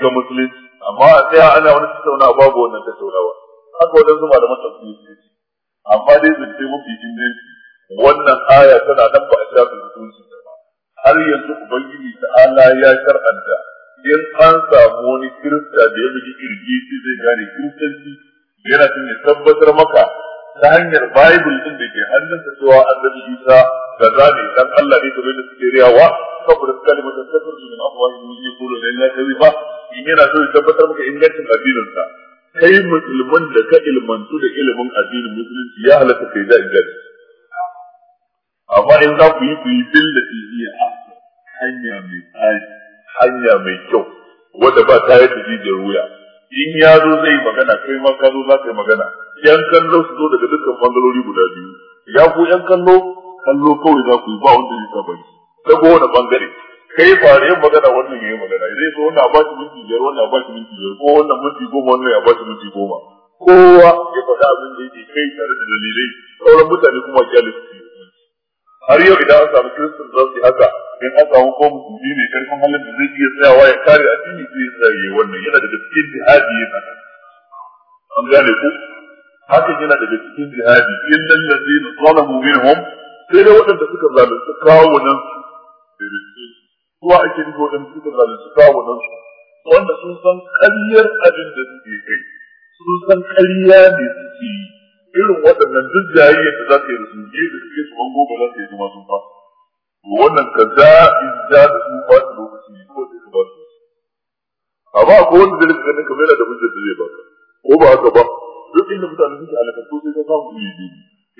ga musulunci amma a tsaya ana wani tattaunawa babu wannan tattaunawa haka waɗansu malaman tafsiri amma dai zance mafi inganci wannan aya tana nan ba a shafi hukunci da ba har yanzu ubangiji ta'ala ya shar'anta in an samu wani kirista da ya bugi kirki, shi zai gane kiristanci yana son ya tabbatar maka ta hanyar bible din da ke hannunsa cewa annabi isa da zane dan Allah ne kamar yadda suke riyawa saboda su kalmar da ta furta min afwahi ne ko da ya kazi ba in yana so ya tabbatar maka ingancin addinin kai musulman da ka ilmantu da ilimin addinin musulunci ya halaka kai da ingani amma in za ku yi ku yi tijiya a ah, hanya mai tsari hanya mai kyau wadda ba ta yi da wuya in ya zo zai yi magana kai ma ka zo za ka yi magana yan kallo su zo daga dukkan bangarori guda biyu ya ku yan kallo kallo kawai za ku yi ba wanda zai saba ta kowane bangare kai fara yin magana wannan mai magana idan so wannan ba shi minti biyar wannan ba shi minti biyar ko wannan minti goma wannan ya ba shi minti goma kowa ya faɗa abin da yake kai tare da dalilai sauran mutane kuma kyale su har yau idan an samu kiristin za su haka in an samu ko musulmi mai karfin halin da zai iya tsayawa ya kare addini sai ya tsaya yayi wannan yana daga cikin jihadi yana an gane ku hakan yana daga cikin jihadi in na ladina zalamu minhum sai dai waɗanda suka zalunci kawunan su zuwa ake nufi wajen suka zalunci kawunan su wanda sun san ƙaryar abin da suke kai sun san ƙarya ne suke yi irin waɗannan duk jayayyar da za ta yi da su je da suke su bango ba za ta yi zama sun To wannan ka za in za da su, ba su lokaci ne ko da ba su amma akwai wanda zai rika ganin kamar da hujjar da zai baka ko ba haka ba duk inda mutane suke alakantu sai ka samu ne ne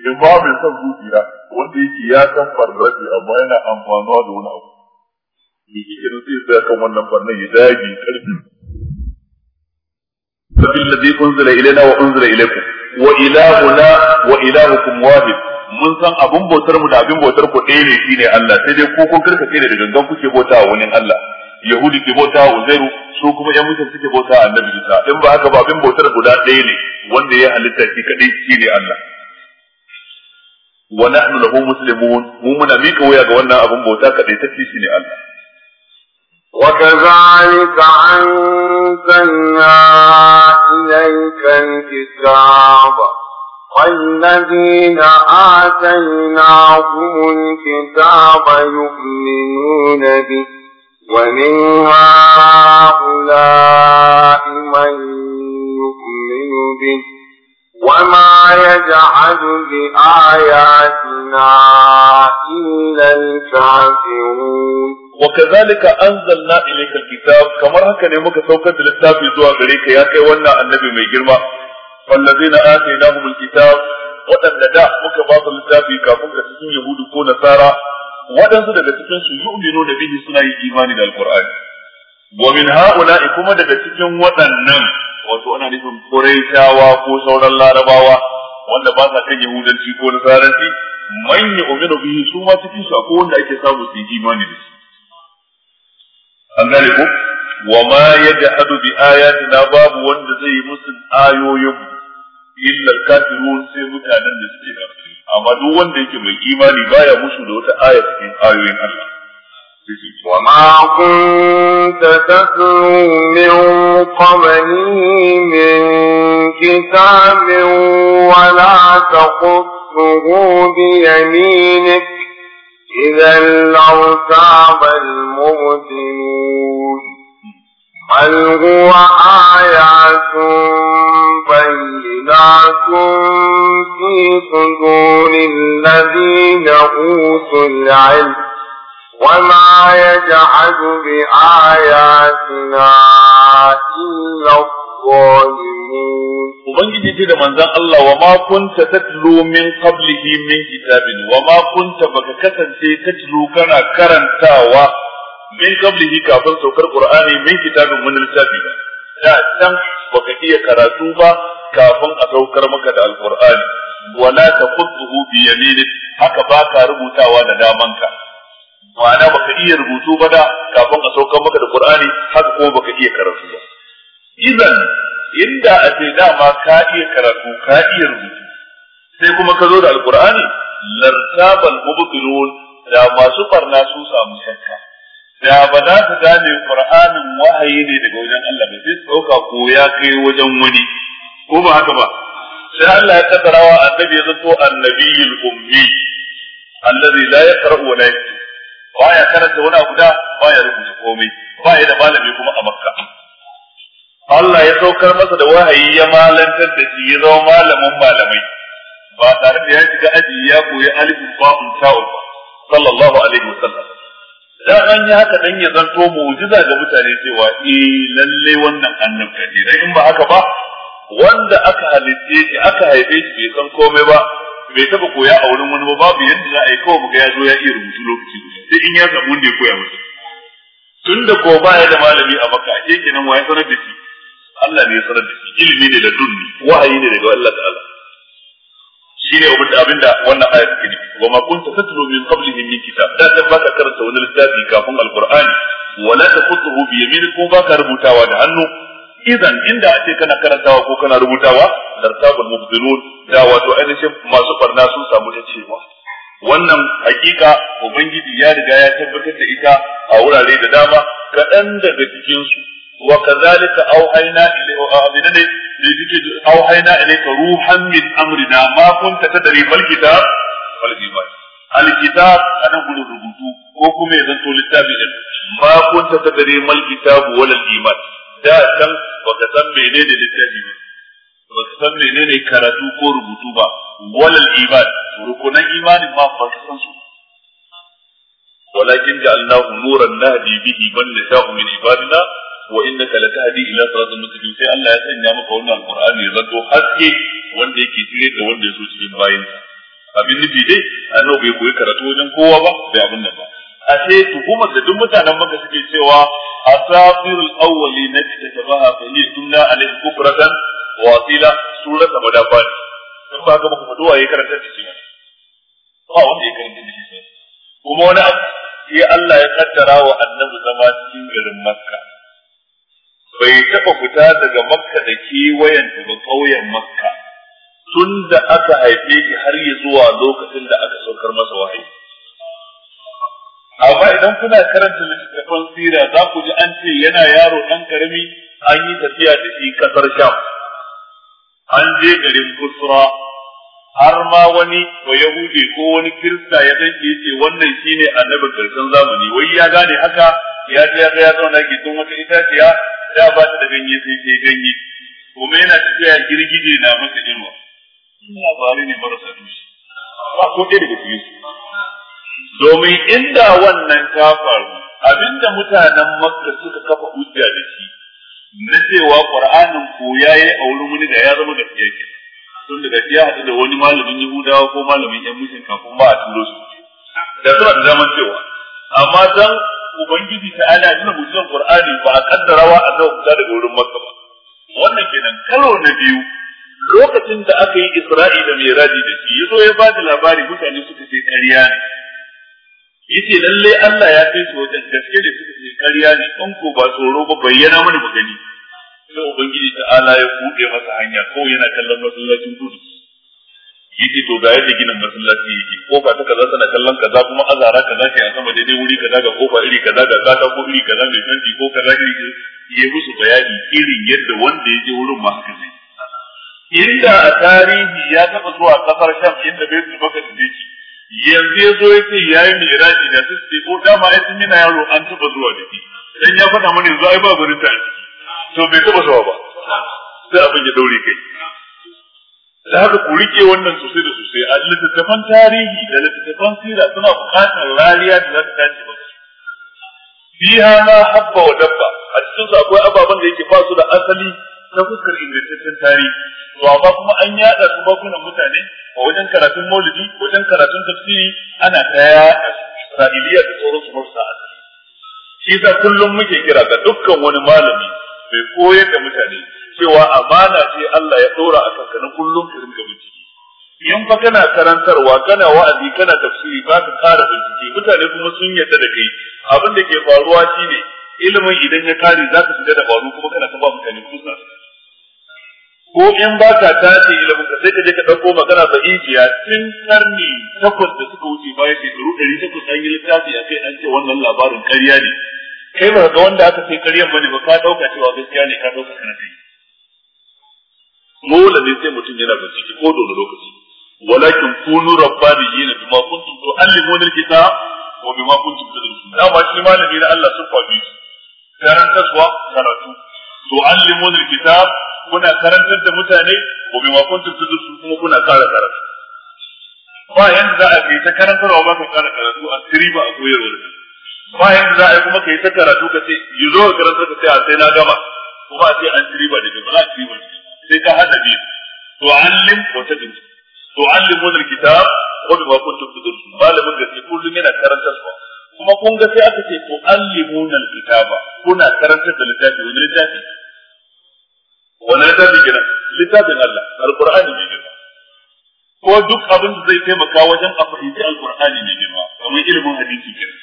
in mai son zuciya wanda yake ya san farrafi amma yana amfanuwa da wani abu yi kirin zai tsaya kan wannan fannin ya dage karfi ففي الذي أنزل إلينا Wa إليكم وإلهنا وإلهكم واحد mun san abin bautar mu da abin bautar ku ɗaya ne shine Allah sai dai ko kun kai da gangan kuke bauta wa wani Allah Yahudi ke bauta wa zairu su kuma ƴan mutum suke bauta wa Annabi Isa in ba haka ba abin bautar guda ɗaya ne wanda ya halitta shi kadai shine Allah wa nahnu lahu muslimun mu muna mika waya ga wannan abun bauta kadai shi shine Allah وكذلك أنزلنا إليك الكتاب والذين آتيناهم الكتاب يؤمنون به ومن هؤلاء من يؤمن به وما يجعل بآياتنا إلا الكافرون wa kazalika anzalna ilaykal kitab kamar haka ne muka saukar da littafi zuwa gare ka ya kai wannan annabi mai girma wallazina atainahumul kitab waɗanda da muka ba su littafi kafin ka cikin yahudu ko nasara waɗansu daga cikin su yu'minu da bihi suna yin imani da alqur'ani wa min ha'ula'i kuma daga cikin waɗannan wato ana nufin quraishawa ko sauran larabawa wanda ba sa kan yahudanci ko nasaranci man yu'minu bihi su ma cikin su akwai wanda ake samu su yi imani da an gane ko wa ma yajhadu bi ayatina babu wanda zai yi musu ayoyin illa kafirun sai mutanen da suke kafiri amma duk wanda yake mai imani baya musu da wata aya cikin ayoyin Allah وما كنت تتلو من قبله من كتاب ولا تخصه بيمينك إذا لارتاب المبتلون بل هو آيات بينات في صدور الذين أوتوا العلم وما يجحد بآياتنا إلا الظالمين وبنجي تي منزان الله وما كنت تتلو من قبله من كتاب وما كنت بك كسنتي تتلو kana karantawa min qablihi kafin saukar qur'ani min kitabin wani lissafi? da can baka iya karatu ba kafin a saukar maka da alqur'ani wala taqutuhu bi yaminik haka baka rubutawa da damanka ma'ana baka iya rubutu ba da kafin a saukar maka da qur'ani haka ko baka iya karatu ba izan inda a ce dama ka iya karatu ka iya rubutu sai kuma ka zo da alkur'ani lartabal mubtilun da masu barna sun samu shakka da ba za su gane qur'anin wahayi ne daga wajen Allah ba sai su dauka ko ya kai wajen wani ko ba haka ba sai Allah ya kaddara wa annabi ya zanto annabiyul ummi allazi la yaqra wa la baya karanta wani abu da ya rubuta komai baya da malami kuma a makka Allah ya saukar masa da wahayi ya malantar da shi ya zama malamin malamai ba tare da ya shiga aji ya koyi alifin ba'un ta'un ba sallallahu alaihi wasallam dan an yi haka dan ya zanto mu'jiza ga mutane cewa eh lalle wannan annabi ne dan in ba haka ba wanda aka halice shi aka haife shi bai san komai ba bai taba koya a wurin wani ba babu yadda za a yi kawai muga ya ya iya rubutu lokaci sai in ya samu wanda koya masa tunda ko ba ya da malami a maka ake kenan wa ya sanar da shi Allah ne ya sanar da shi ilimi ne da dunni wahayi ne daga Allah ta'ala shine abin da abinda wannan ayat take nufi wa ma kunta tatlu min qablihi min kitab da ta baka karanta wani littafi kafin alqur'ani wa la taqutuhu bi yaminik ko baka rubutawa da hannu idan inda ake kana karantawa ko kana rubutawa dartabul mubdilun da wato ainihin masu barna sun samu ta cewa wannan hakika ubangiji ya riga ya tabbatar da ita a wurare da dama kaɗan daga cikinsu وكذلك أوحينا إليه أوحينا إليك روحا من أمرنا ما كنت تدري ما الكتاب ولا الإيمان الكتاب أنا أقول الرجوع وكم إذن تولد ما كنت تدري ما الكتاب ولا الإيمان da can san menene littafi ba baka san menene karatu ko rubutu ba walal iman rukunan imanin ma baka san su walakin ja'alnahu nuran nahdi bihi man nasha'u min ibadina wa la tahdi ila siratin mustaqim sai Allah ya sanya maka wannan alqur'ani ya zanto haske wanda yake tire da wanda ya so cikin bayin abin nufi dai annabi bai koyi karatu wajen kowa ba bai abin nan ba ashe tuhumar da duk mutanen maka suke cewa asafirul awwali na tabaha fa hiya tunna alayhi kufratan wa asila ta abadabani sun ba ga muku duwa yayin karanta cikin ba wanda ya karanta cikin kuma wani abu sai Allah ya kaddara wa annabi zama cikin garin Makka bai taɓa fita daga makka da kewayen daga ƙauyen makka tun da aka haife shi har ya zuwa lokacin da aka saukar masa wahayi amma idan kuna karanta littattafan sira za ku ji an ce yana yaro ɗan karami an yi tafiya da shi ƙasar sham an je garin kusura har ma wani wa yahudi ko wani kirista ya danke ce wannan shine annabin karshen zamani wai ya gane haka ya ji ya ga ya zauna tun wata itaciya ya ba ta da ganye sai sai ganye kuma yana tafiya girgije na masa inuwa labari ne marasa dushi ba ko ɗaya daga cikin su domin inda wannan ta faru abinda mutanen makka suka kafa hujja da shi na cewa qur'anin ko yayi a wurin wani da ya zama da ke tun daga ya haɗu da wani malamin yahudawa ko malamin yan musulmi kafin ba a turo su da suna da zaman cewa amma dan ubangiji ta ala yana mutum qur'ani ba a kaddarawa a zau fita daga wurin makka ba wannan kenan karo na biyu lokacin da aka yi isra'i da miraji da shi yazo ya bada da labari mutane suka ce ƙarya ne yace lalle Allah ya kai su wajen gaske da suka ce ƙarya ne in ko ba tsoro ba bayyana mana magani. gani sai ubangiji ta ala ya buɗe masa hanya ko yana kallon masallacin gudu yake to da yake ginin masallaci yake kofa ta kaza tana kallon kaza kuma azara kaza ke a sama daidai wuri kaza ga kofa iri kaza ga kata ko iri kaza mai fanti ko kaza iri ya musu bayani irin yadda wanda ya je wurin ma haka inda a tarihi ya taba zuwa kasar sham inda bai su baka da yake yanzu ya zo ya ce ya yi miraji da sisi ce ko dama ya tun yana yaro an taba zuwa da shi dan ya faɗa mana yanzu ai ba gurin ta to bai taba zuwa ba sai abin ya daure kai da haka ku rike wannan sosai da sosai a littattafan tarihi da littattafan sira suna bukatar rariya da za ta dace ba fiha ma habba wa dabba a cikin su akwai ababen da yake ba su da asali ta fuskar ingantaccen tarihi to amma kuma an yada su bakunan mutane a wajen karatun maulidi wajen karatun tafsiri ana ta yaɗa isra'iliya da sauran su marasa asali shi sa kullum muke kira ga dukkan wani malami mai koyar da mutane cewa amana ce Allah ya dora a kankanin kullum ka da bincike in fa kana karantarwa kana wa'azi kana tafsiri ba ka kara bincike mutane kuma sun yarda da kai abin da ke faruwa shine ilimin idan ya kare za ka shiga da faru kuma kana ta ba mutane kusa ko in ba ka tace ilimin ka sai ka je ka ɗauko magana ba ijiya tun karni takwas da suka wuce baya shekaru ɗari takwas an yi littafi a kai an ce wannan labarin ƙarya ne kai ba ga wanda aka sai ƙaryan bane ba ka ɗauka cewa gaskiya ne ka ɗauka kana kai dole ne sai mutum yana da ciki ko dole lokaci walakin kunu rabbaniyina bima kuntum tu'allimuna alkitab wa bima kuntum tadrusun dama shi malami na Allah sun faɗi. fabi karantarwa karatu tu'allimuna alkitab kuna karantar da mutane wa bima kuntum tadrusun kuma kuna kara karatu ba yanda za a kai ta karantarwa ba ka kara karatu a siri ba a koyarwa ba yanda za a yi kuma kai ta karatu ka ce yi zo ka karanta ka ce a sai na gama kuma a ce an siri ba da ba za a siri ba sai ta hada biyu tu'allim wa tadrusu tu'allim wa kitab wa ma kuntum tudrusun malamin gaske kullum yana karantar su kuma kun ga sai aka ce tu'allimuna kitaba kuna karantar da littafi wani littafi wani littafi kenan littafin Allah alqur'ani ne girma ko duk abin da zai taimaka wajen a fahimci alqur'ani ne girma kamar ilimin hadisi kenan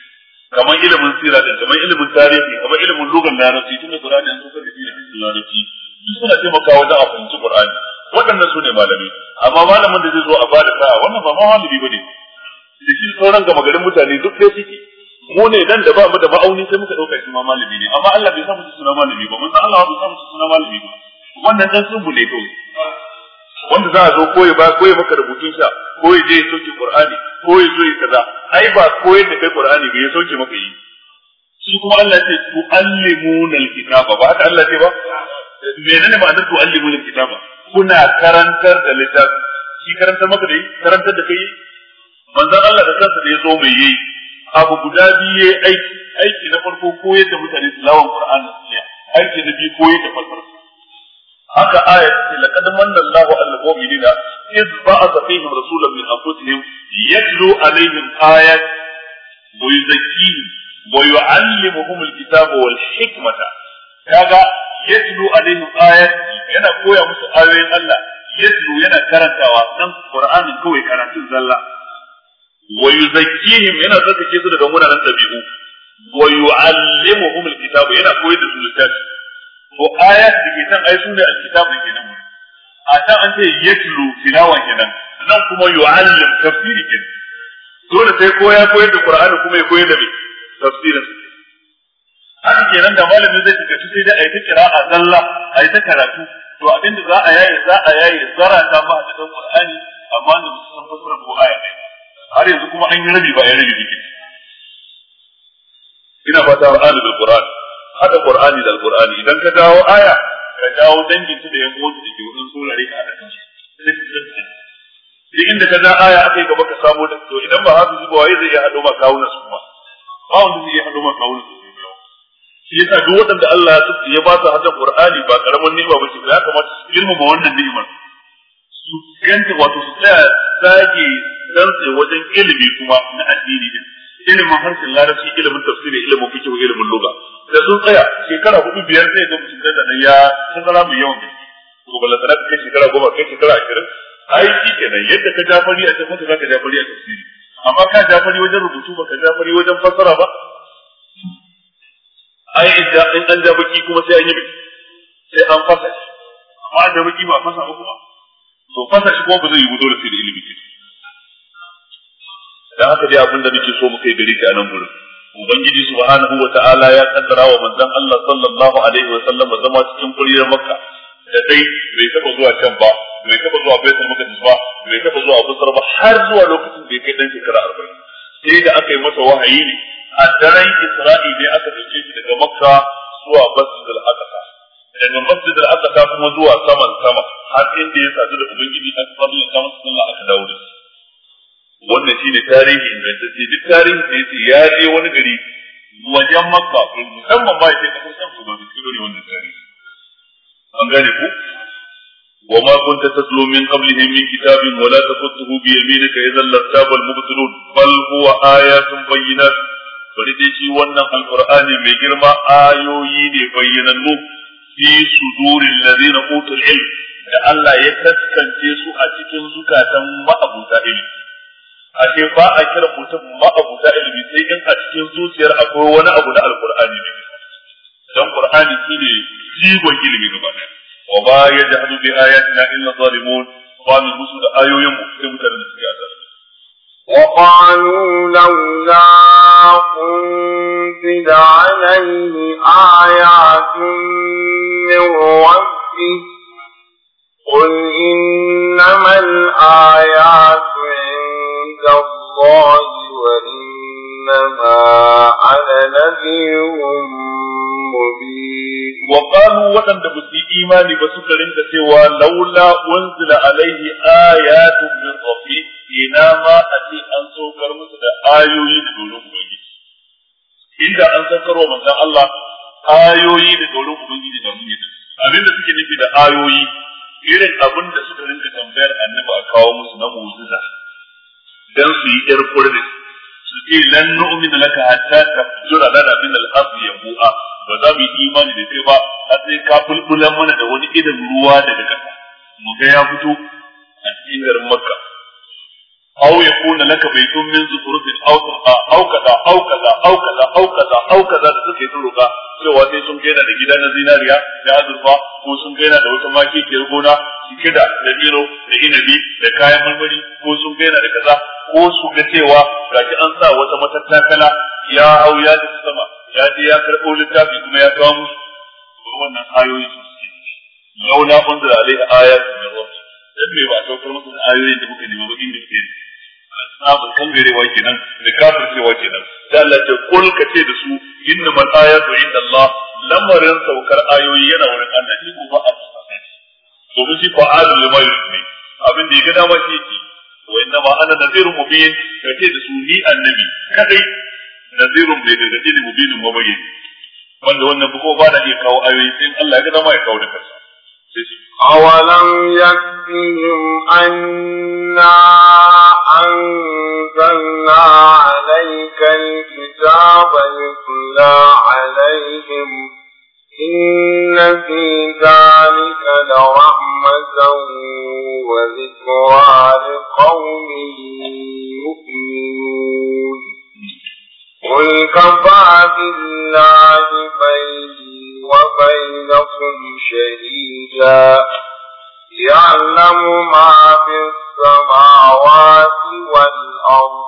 kamar ilimin sira kamar ilimin tarihi kamar ilimin lugan larabci tunda qur'ani an so da shi da larabci suna taimakawa wajen a fahimci Qur'ani waɗannan su ne malami. amma malamin da zai zo a bada sa'a wannan ba ma malami bane da shi sauran gama garin mutane duk dai suke mu ne dan da ba mu da ma'auni sai muka dauka shi ma malami ne amma Allah bai sa mu suna malami ba mun san Allah bai sa mu suna malami ba wannan dan su bule kawai wanda za a zo koyi ba koyi maka rubutun sa koyi je ya sauke Qur'ani koyi zo ya kaza ai ba koyar da kai Qur'ani ba ya sauke maka yi su kuma Allah ce tu'allimuna alkitaba ba haka Allah ce ba menene ma'anar tu'allimuna alkitaba kuna karantar da littafi shi karantar maka da yi karantar da kai manzon Allah da kansa da ya zo mai yi abu guda biyu aiki aiki na farko koyar da mutane tilawan Qur'ani aiki na biyu koyar da falsafa haka aya ce laqad manna Allahu 'alal mu'minina إذ بعث فيهم رسولا من أنفسهم يتلو عليهم آيات ويزكيهم wa yu'allimuhum alkitaba wal hikmata kaga yatlu alaihim ayati yana koya musu ayoyin Allah yatlu yana karantawa dan Qur'anin kawai karatun zalla wa yuzakkihim yana zakake su daga munanan dabi'u wa yu'allimuhum alkitaba yana koyar da su littafi to ayat da ke san ai sune alkitabu kenan a ta an ce yatlu tilawan kenan nan kuma yu'allim tafsiri kenan dole sai koya koyar da Qur'ani kuma ya koyar da mai tafsirin haka kenan da malami zai tafi sai dai a yi ta a zalla a yi ta karatu to abinda za a yaye za a yaye zara ta ma a cikin Qur'ani amma ne su san fasara ko aya ne har yanzu kuma an yi rabi ba ya rabi dike ina fata wa alil Qur'an hada Qur'ani da Qur'ani idan ka dawo aya ka dawo dangin ta da yan uwan da ke wurin surare ka hada kansu duk inda ka da aya akai gaba ka samu da to idan ba haka zuwa zai iya hado ma kawo na su ma ba wanda zai iya haɗo maka kawunan su biyu shi yasa duk waɗanda Allah ya ba su hajjan Qur'ani ba karamin ni'ima ba ce ya kamata su girmama wannan ni'imar su ganta wato su tsaya zage dantse wajen ilimi kuma na addini din ilimin harshen larabci ilimin tafsiri ilimin fikihu ilimin lugha da sun tsaya shekara hudu biyar sai ga mutum da nan ya tazara mai yawan gaske to balla sana kai shekara goma kai shekara ashirin ai shi kenan yadda ka jafari a cikin haka zaka jafari a tafsiri amma ka jafari wajen rubutu ba ka jafari wajen fassara ba ai in an jabaki kuma sai an yi biki sai an fasa shi amma an jabaki ba fasa ba kuma to fasa shi kuma ba zai yi ba dole sai da ilimi ce dan haka dai abin da muke so mu kai gari ta nan gurin ubangiji subhanahu wa ta'ala ya kaddara wa manzon Allah sallallahu alaihi wa sallam zama cikin kuriyar makka da dai bai taba zuwa can ba bai taba zuwa baitul maqdis ba bai taɓa zuwa busar ba har zuwa lokacin da ya kai ɗan shekara arba'in sai da aka yi masa wahayi ne a daren isra'i ne aka ɗauke shi daga makka zuwa masjid al-aqsa daga masjid al-aqsa kuma zuwa saman sama har inda ya sadu da ubangiji a saman sama sallah aka dawo da wannan shine tarihi ingantacce duk tarihi da yace ya je wani gari wajen makka musamman ba ya ce kasar sam su da su ne wannan tarihi an gane ku وما كنت تتلو من قبله من كتاب ولا تخطه بيمينك إذا لارتاب المبتلون بل هو آيات بينات فلتيشي شي wannan بجرم mai girma ayoyi ne bayyanannu fi suduril ladina da Allah ya kaskance su a cikin zukatan ma'abuta ilimi. A ce ba a kira mutum ma'abuta ilimi sai in a cikin zuciyar akwai wani abu na alqur'ani ne Don dan shi ne jigon ilimi gaba ɗaya وما يجحد بآياتنا إلا الظالمون وقالوا المسلم آيو يمو من من وقالوا لولا أنزل عليه آيات من ربه قل إنما الآيات عند الله وإنما أنا نذير mubin wa qalu wadanda musu imani ba su karin da cewa laula unzila alaihi ayatu, min rabbi ina ma ati an sokar musu da ayoyi da dorin kuɗi inda an san wa manzon Allah ayoyi da dorin kuɗi da mun yi da suke nufi da ayoyi irin abin da suka rinka tambayar annabi a kawo musu na mu'jiza dan su yi irkurin su ce lan nu'minu laka hatta tafjura lana min al-ardi yabu'a ba za mu yi imani da kai ba har sai ka bulbulan mana da wani irin ruwa daga ƙasa mu ga ya fito a cikin garin makka aw yakuna laka baytun min zukurufin aw aw kaza aw kaza aw kaza aw kaza aw kaza da suke sun roka cewa sai sun gaina da gida na zinariya da azurfa ko sun gaina da wata maki ke gona cike da dabino da inabi da kayan marmari ko sun gaina da kaza ko su ga cewa gashi an sa wata matattakala ya hau ya ji sama ya ji ya karɓo littafi kuma ya kawo musu wannan ayoyi su suke na unzila alaihi ayatun min rabbih da me ba saukar musu ayoyin da muka nema ba inda suke samun kangarewa kenan da kafircewa kenan da Allah ce kul ka ce da su inna mal ayatu inda Allah lamarin saukar ayoyi yana wurin Allah shi ko ba a tsaka shi domin shi fa'alul lima yusmi abin da ya ga dama shi yake wa inna ma ana nazirun mubin ka ce da su ni annabi kadai nazirun bai da gadi mubinin mabayyin wanda wannan ko ba da iya kawo ayoyi sai Allah ya ga dama ya kawo da kansa أولم يكفهم أنا أنزلنا عليك الكتاب يطلى عليهم إن في ذلك لرحمة وذكرى لقوم يؤمنون قل كفى بالله بيني وبينكم شهيدا يعلم ما في السماوات والأرض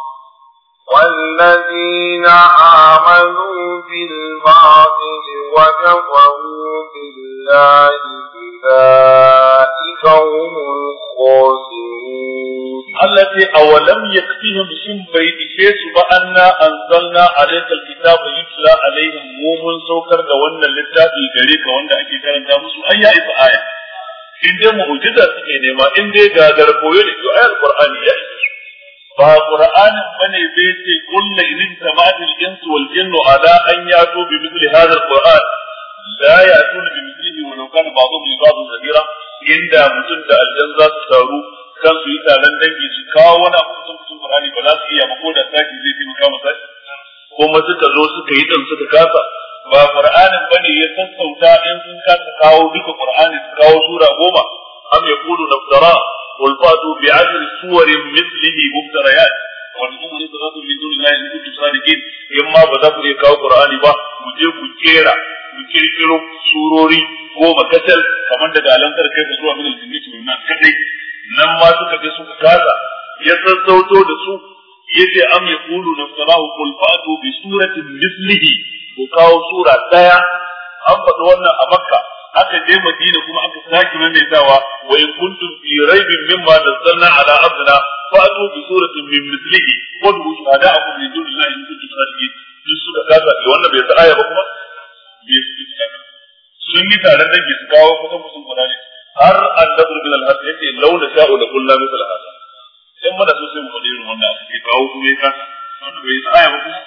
والذين آمنوا بالباطل وكفروا بالله أولئك هم الخاسرون التي أولم يكفيهم سن بيد كيس بأننا أنزلنا عليك الكتاب يتلى عليهم مومن سوكر دوانا للتاب الجريك وانا أكيد أن تامسوا أي آية in dai mu'jiza suke nema in dai gagar koyo ne to ayar qur'ani ya isa ba qur'ani bane bai ce kullu idin samatil ins wal jinnu ala an yatu bi mithli hadha al qur'an la yatuna bi mithlihi wa law kana ba'dhum li ba'd nadira inda mutum da aljan za su taru kan su yi taron dangi su kawo wani abu sun cikin qur'ani ba za su iya ba ko da sashi zai taimaka masa kuma suka zo suka yi dan suka kasa ba qur'anin bane ya sassauta in sun kasa kawo duka qur'anin su kawo sura goma am yaqulu naftara qul fatu bi asr suwar mithlihi muftariyat wani kuma ne za ku bi dole na yi kuɗi sadiqin in ma ba za ku iya kawo qur'ani ba mu je ku kera mu kirkiro surori goma kasal kamar daga alamtar kai zuwa min al-jinnati wal kadai nan ma suka je suka kasa ya sassauto da su yace am yaqulu naftara qul fatu bi suratin mithlihi ku kawo sura daya an faɗi wannan a makka aka je madina kuma aka sake maimaitawa wa in kuntum fi raibin mimma nazzalna ala abdina atu bi suratin min mithlihi wa du shuhada'akum min dunillahi in kuntum sadiqin duk suka kasa da wannan bai sa'aya ba kuma bai su sun yi da ke su kawo kusan kusan guda ne har annabi bin al-hasan yace launa sha'u la kullu mithla hada in mana so sai mu faɗi irin wannan aka kawo kuma ya kasa wannan bai sa'aya ba kuma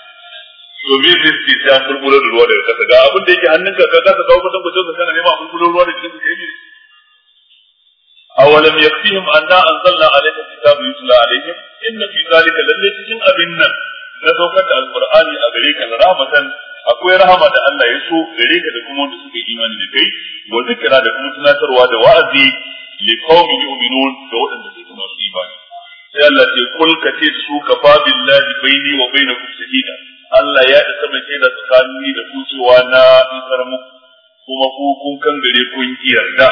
domin riski ta kurkure da ruwa daga kasa ga abin da yake hannunka ka kasa kawo kusan kusan ka kana neman kurkure ruwa da cikin kai ne awalam yakfihim anna anzalna alayka kitaba yutla alayhim inna fi zalika lalle cikin abin nan na saukar da alqur'ani a gare ka rahmatan akwai rahama da Allah ya so gare ka da kuma wanda suka yi imani da kai wa zikra da kuma tunatarwa da wa'azi li qaumin yu'minun da waɗanda suke masu imani sai Allah ya ce su kafa billahi baini wa bainakum shahida Allah ya isa mai shaida tsakanin da ku cewa na isar muku kuma ku kun kan gare kun yarda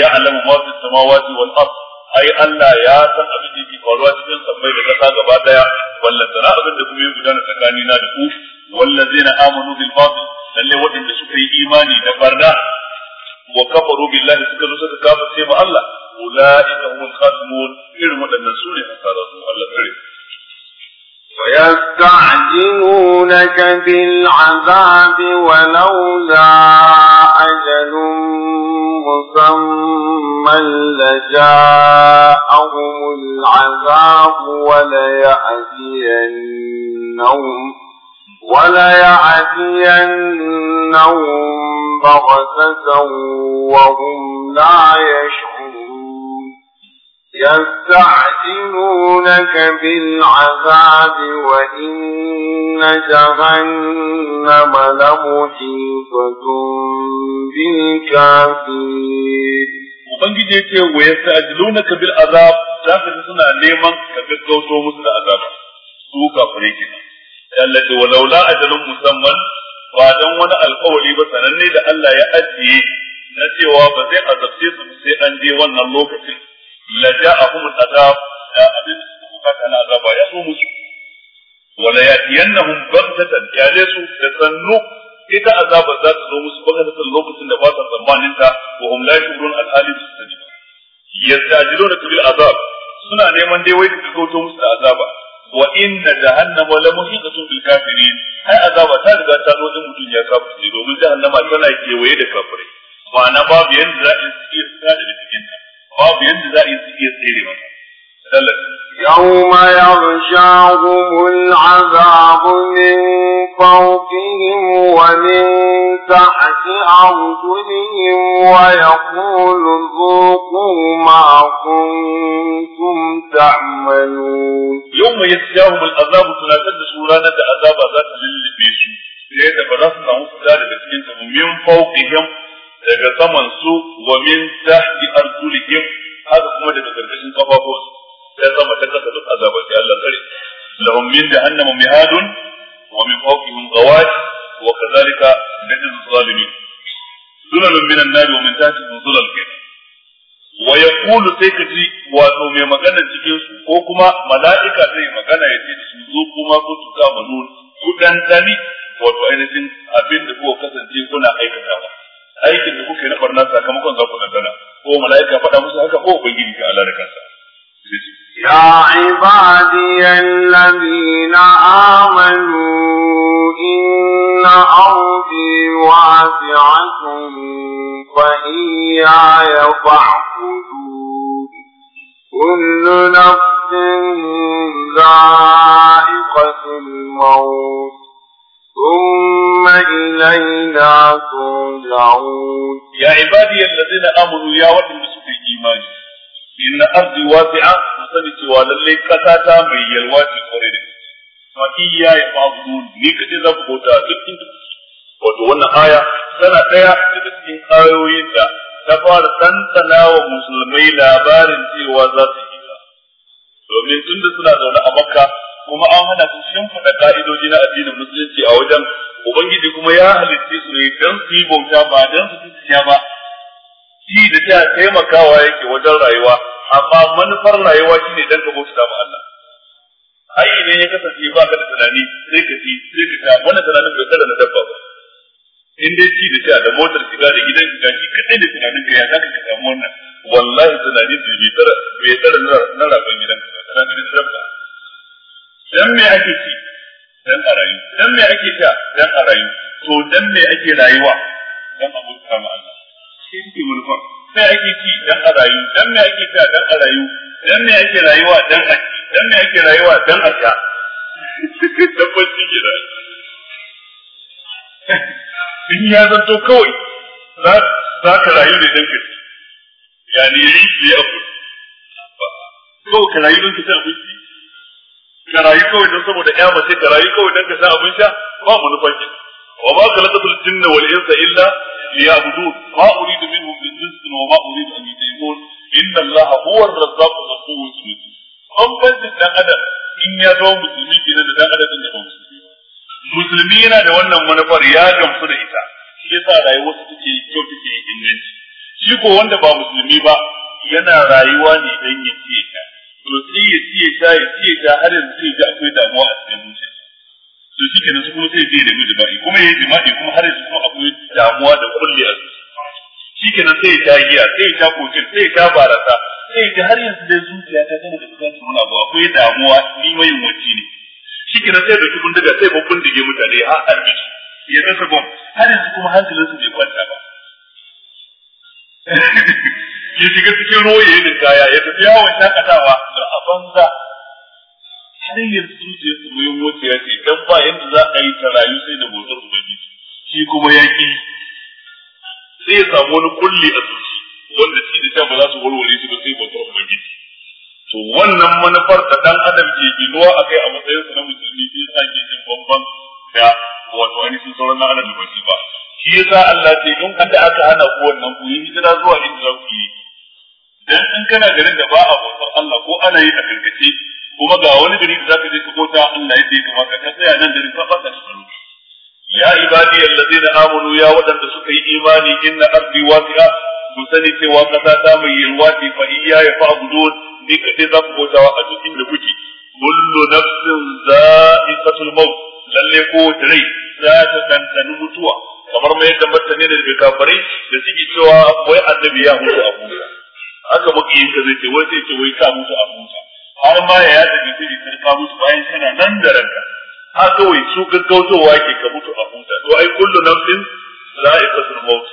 ya alama ma fi samawati wal ard ai Allah ya san abin da yake faruwa cikin sammai da kasa gaba daya tana abin da kuma ya gudana tsakanin na da ku wallazina amanu bil batil lalle waɗanda suka yi imani da barna wa kafaru billahi suka zo suka kafa sai ma Allah ulaika humul khasimun irin waɗannan sune ne a Allah tsare ويستعجلونك بالعذاب ولولا أجل مسمى لجاءهم العذاب وليأتينهم وليأتينهم بغتة وهم لا يشعرون يستعجلونك بالعذاب وإن جهنم لمحيطة بالكافرين Ubangiji ya ce wa ya sa'ajiluna ka bil azab za ka suna neman ka gaggauto musu da azaba su kafire kenan Allah ce walaula ajalun musamman ba dan wani alƙawari ba sananne da Allah ya ajiye na cewa ba zai azabce su sai an je wannan lokacin la a al-azab da abin suka bukata na azaba ya zo musu wa la yatiyannahum baghtatan ya lesu da sannu ita azaba za ta zo musu baghtatan lokacin da ba sa tsammanin ta wa hum la yashurun al-halim sadi yastajiluna bil azab suna neman dai wai ta zo musu da azaba wa inna jahannama la muhiqatun bil kafirin ai azaba ta riga ta zo din ya kafiri domin na tana kewaye da kafirai ma'ana babu yanda za yadda za a iya tsere mata يوم يغشاهم العذاب من فوقهم ومن تحت أرجلهم ويقول ذوقوا ما كنتم تعملون يوم يغشاهم العذاب تناسب سورانة عذاب ذات للبيسو سيدة برسنا مصدر من فوقهم daga saman ومن تحت أرجلهم haka kuma daga karkashin kafafuwansu sai sama ta kasa duk azabar sai Allah tsare lahum min jahannama mihadun wa min fawqihim ghawat wa kadhalika najzi zalimin min minan nar wa min tahtihim zulal kayyim wa yaqulu sai ka ji wato mai magana cikin su ko kuma mala'ika zai magana ya ce su zo kuma ko su ka manun ku dan dani wato ainihin abin da kuka kasance kuna aikatawa aikin da kuka na farna sakamakon za ku dandana ko mala'ika faɗa musu haka ko ubangiji ta Allah da kansa يا عبادي الذين آمنوا إن أرضي واسعة فإياي فاعبدون كل نفس ذائقة الموت ثم إلينا ترجعون يا عبادي الذين آمنوا يا وطن بسكي إيماني إن أرضي واسعة وسني سوى للي كتاتا من يلواتي قريني فإيا يفعبدون نيكتي ذبوتا تبتين wato wannan aya tana ɗaya daga cikin ayoyin da ta fara tantana wa musulmai labarin cewa za su yi domin tun da suna zaune a makka kuma an hana su fada ka'idoji na addinin musulunci a wajen ubangiji kuma ya halitta su ne dan su yi bauta ba dan su tsaya ba shi da ta taimakawa yake wajen rayuwa amma manufar rayuwa shine dan ka bauta da Allah ai ne ya kasance ba ka da tunani sai ka ci sai ka ta wannan tunanin bai tsara na dabba ba in dai ci da sha da motar shiga da gidan shiga shi kadai da tunanin ka ya zaka ka samu wannan wallahi tunani bai tsara bai tsara na rabon gidan ka tunanin da dabba dan me ake ci dan a rayu dan me ake sha dan a rayu to dan me ake rayuwa dan abun kama Allah shi ne manufar sai ake ci dan a rayu dan me ake sha dan a rayu dan me ake rayuwa dan a ci dan me ake rayuwa dan a sha tabbacin gida in ya zanto kawai za ka rayu ne dan kaci yani rijiya ku ko ka rayu don ka ci abinci ka rayu kawai don saboda ƴa mace ka rayu kawai don ka sha abin sha ba mu nufan ki wa ma khalaqatul jinna wal insa illa liya'budun ma uridu minhum min rizqin wa ma uridu an yutimun inna allaha huwa ar-razzaqu dhul quwwati bambancin dan adam in ya zo musulmi kenan da dan adam din da ba musulmi musulmi yana da wannan manufar ya gamsu da ita shi yasa rayuwarsa take kyau take inganci shi ko wanda ba musulmi ba yana rayuwa ne dan ya ce to sai ya ci ya sha ya ci ya sha har yanzu sai ya akwai damuwa a cikin zuciya to shi kenan su kuma sai ya da miji jima'i kuma ya yi jima'i kuma har yanzu kuma akwai damuwa da kulle a zuciya shi kenan sai ya sha giya sai ya sha kokin sai ya sha barasa sai ya har yanzu dai zuciya ta gama da kusan su abu akwai damuwa ni mai wanci ne shi kenan sai ya dauki bindiga sai ya bindige mutane har harbi ya dasa bom har yanzu kuma hankalinsu bai kwanta ba ya shiga cikin ruwa ya yi kaya ya tafi yawon shakatawa da a banza har yanzu zuciyar tsoro yin wuce ya ce dan ba yadda za a yi ta rayu sai da motsar ubangiji shi kuma ya ki sai ya samu wani kulli a zuci wanda shi da ta ba za su warware shi ba sai motsar ubangiji to wannan manufar da dan adam ke ginuwa a kai a matsayinsa na musulmi sai sa ke jin bambam da wato sun sauran na adam da ba shi ba shi yasa Allah ce in kada aka hana ku wannan ku yi hijira zuwa inda za ku yi dan in kana garin da ba a bautar Allah ko ana yi a karkace kuma ga wani gari da zaka je ku bauta Allah ya kamata, maka ka tsaya nan garin ka fada ya ibadi alladheena amanu ya wadanda suka yi imani inna ardi wasi'a ku sani cewa kasa ta mai yalwa ce fa iya ya abudu ni kadai za ku bautawa a duk inda kuke kullu nafsin za'iqatul maut lalle ko rai za ta tantani mutuwa kamar mai da martani da kafirai da suke cewa wai annabi ya mutu a haka aka yin zai ce wai zai ce wai ka mutu a mutu har ma ya yada jita jitar ka mutu bayan kana nan da ranka ha kawai su gaggautowa ke ka mutu a mutu to ai kullu nafsin za'iqatul maut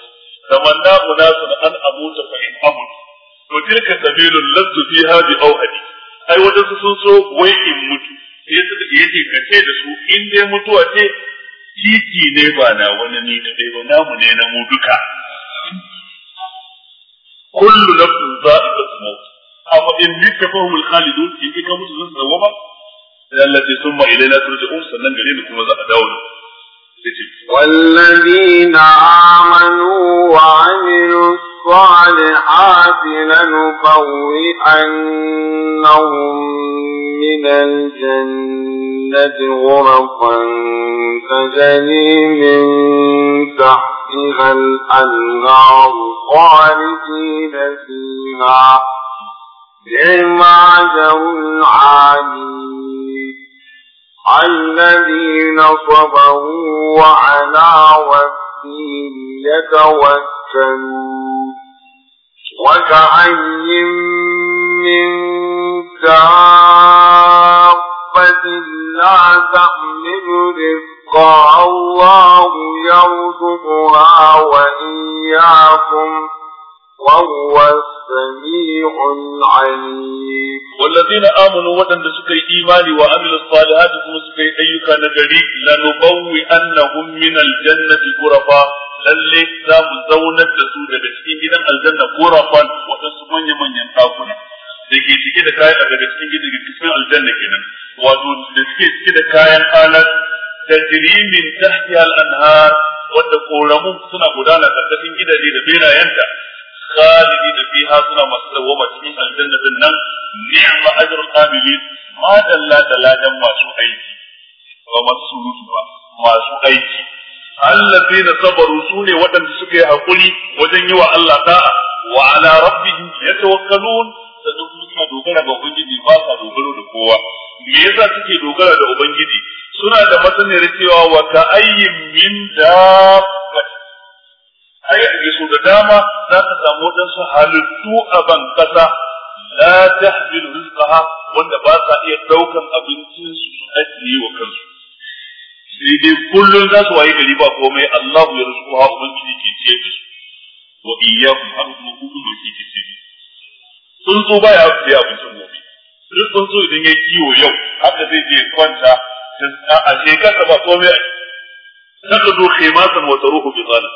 tamanna unasun an amuta fa in amut to tilka sabilul laddu fiha bi awhadi ai su sun so wai in mutu sai suka ka da su in dai mutuwa ce titi ne ba na wani ni ba namu ne na mu duka كل نفس ذائقة الموت أما إن ميت فهم الخالدون في كان موت زنس دوما التي ثم إلينا ترجعون سنن جليل كما ذا دولة والذين آمنوا وعملوا الصالحات لنبوئنهم من الجنة غرفا تجري من تحت فيها الأنهار خالدين فيها نعم عجر العالمين الذين صبروا وعلى ربهم يتوكلون وكأي من دابة لا تحمل رزقها وقع الله يرزقها وإياكم وهو والذين آمنوا وطن سكي إيماني وعملوا الصالحات كما أيك نجري لنبوي أنهم من الجنة غرفا lalle za mu zaunar da su daga cikin gidan aljanna gurafan waɗansu manya-manyan ɗakuna da ke cike da kayan daga cikin gidan aljanna kenan wato da suke cike da kayan halar tajri min tahtiha al-anhar wadda koramu suna gudana karkashin gidaje da berayenta khalidi da fiha suna masu dawoma cikin aljannatin nan ni'ma ajrul qabilin ma dalla dalajan masu aiki ba masu surutu ba masu aiki allazi da sabaru sune waɗanda suka yi hakuri wajen yi wa Allah da'a wa ala rabbihim yatawakkalun sannan kuma suna dogara ga ubangiji ba sa dogaro da kowa me yasa suke dogara da ubangiji suna da masaniyar cewa wa ka ayyin min da ai su da dama za ka samu wadansu halittu a ban kasa la tahmil rizqaha wanda ba sa iya ɗaukan abincin su ajiye wa kansu sai dai kullum za su waye gari ba komai Allahu ya rizquha ubangiji ki ce su wa iyyakum har kullu ma kuma ke ce da su tsuntsu baya ya abincin gobe duk tsuntsu idan ya kiwo yau haka zai je kwanta a shekar ka ba komai na ka zo khimatan wa taruhu bi zalim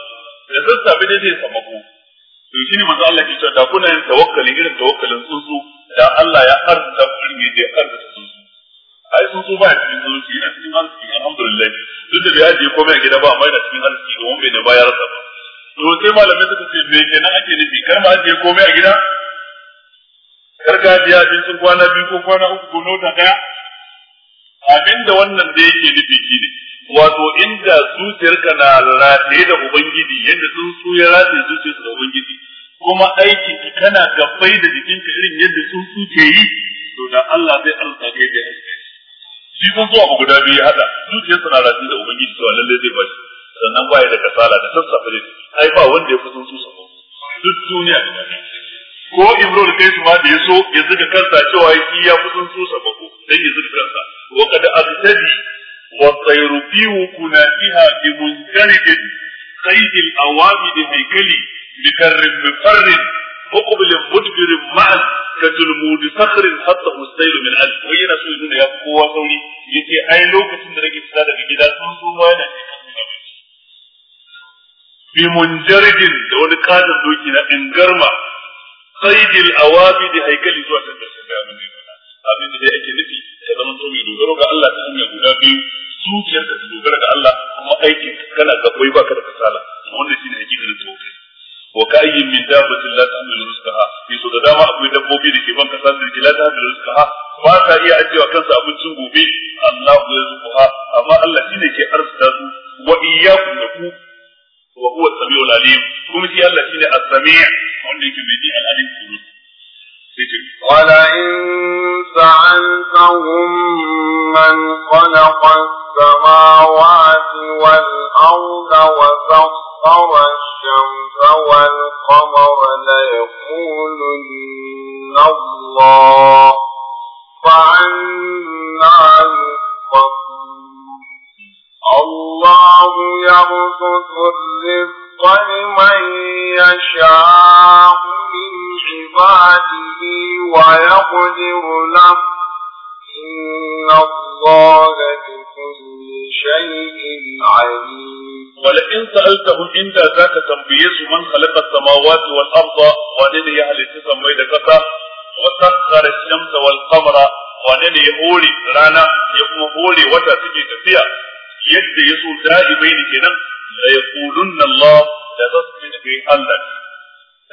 da sassafe ne zai samu ku to shi ne manzo Allah ke cewa da kuna yin tawakkali irin tawakkalin tsuntsu da Allah ya arzuta ku irin yadda ya arzuta tsuntsu ai tsuntsu ba ya cikin zuci yana cikin arziki alhamdulillah duk da bai ajiye komai a gida ba amma yana cikin arziki domin bai ne ba ya rasa ba to sai malamai suka ce me kenan ake nufi kar ma ajiye komai a gida kar ka ajiye abincin kwana biyu ko kwana uku ko nota daya abinda wannan da yake nufi ne wato inda zuciyarka na rataye da ubangiji yadda sun tsuntsu ya rataye zuciyarsa da ubangiji kuma aikin ki kana gabbai da jikinka irin yadda sun tsuntsu ke yi to da Allah zai alsa kai da alsa shi kun zuwa abu guda biyu hada zuciyarsa na rataye da ubangiji to lalle zai bashi sannan baya da kasala da sassafe ai ba wanda ya fi tsuntsu sabo duk duniya da ko imrul kaisu ma da yaso ya zuga kansa cewa shi ya kusan so sabako dan ya zuga kansa wa kad agtadi wa tayru bi kunaiha bi munkarid qayd al awamid haykali بكر مفر اقبل مدبر معا كتلمود صخر حتى السيل من علم وين سوي Ya يا قوة سوري يتي اي لوكتين دنك فتا daga gida sun zo ma yana bi munjaridin da wani katon doki na ingarma saidil awabi da haikali zuwa can da da abin da ya abin da ake nufi ka zama to mai dogaro ga Allah ta hanyar guda biyu zuciyar ka dogara ga Allah Amma aikin kana gabai baka da kasala wannan shine hakikanin tawakkali wa ka'ayyin min dabbatin la ta'malu rizqaha yaso da dama akwai dabbobi da ke ban kasa da ke la ta'malu rizqaha ba ta iya ajewa kansa abincin gobe Allah ya rizqaha amma Allah shine ke arzuta su wa iyyakum ku wa huwa as-sami'ul alim kuma shi Allah shine as-sami' wanda yake mai biya alhalin kuru sai ce wala in sa'antahum man khalaqa samawati wal arda wa sakhara الشمس والقمر ليقولن الله فعنا يفقهون الله يبسط الرزق الحق لمن يشاء من عباده ويقدر له إن الله بكل شيء عليم ولئن سألتهم إن ذاك تنبيز من خلق السماوات والأرض ونن يهل تسمي دكتا وسخر الشمس والقمر ونن يهولي رانا يقوم هولي وتا تجي تفيا يد يسو دائبين كنم la yaqulunna Allah da za su da kai Allah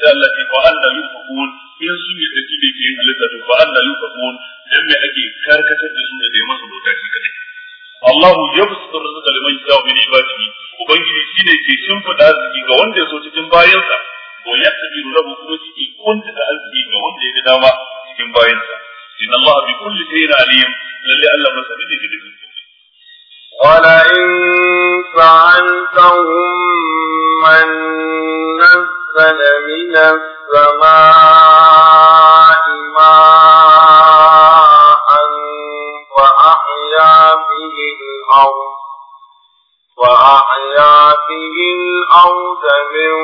da Allah ke fa anna yufakun in sun yi da kide ke halitta to fa anna yufakun dan me ake karkatar da su da dai masa bauta shi kadai Allah yabsutu rizqa liman yasha'u min ibadihi ubangiji shine ke shimfida arziki ga wanda ya so cikin bayansa ko ya tabiru kuma ga wanda ya dama cikin bayansa inna Allah bi kulli shay'in alim Allah da dukkan ولئن فعلتهم من نزل من السماء ماء وأحيا به الأرض وأحيا به الأرض من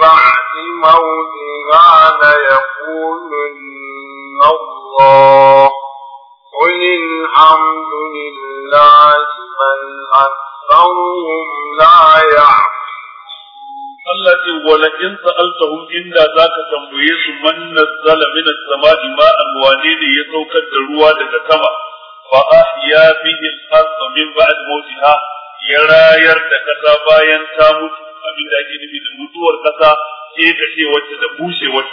بعد موتها ليقولن الله قل الحمد لله بل أكثرهم لا يعلمون Allah ce wala in sa'altahum inda zaka tambaye su man nazzala min as-sama'i ma'an ne ya saukar da ruwa daga sama fa ahya bihi al-ardh min ba'd mawtiha ya rayar da ƙasa bayan ta mutu abin da ake da mutuwar kasa ce ta ce wacce da bushewar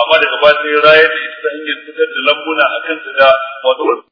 amma daga ba sai rayar da ita hanyar fitar da lambuna a kan da wato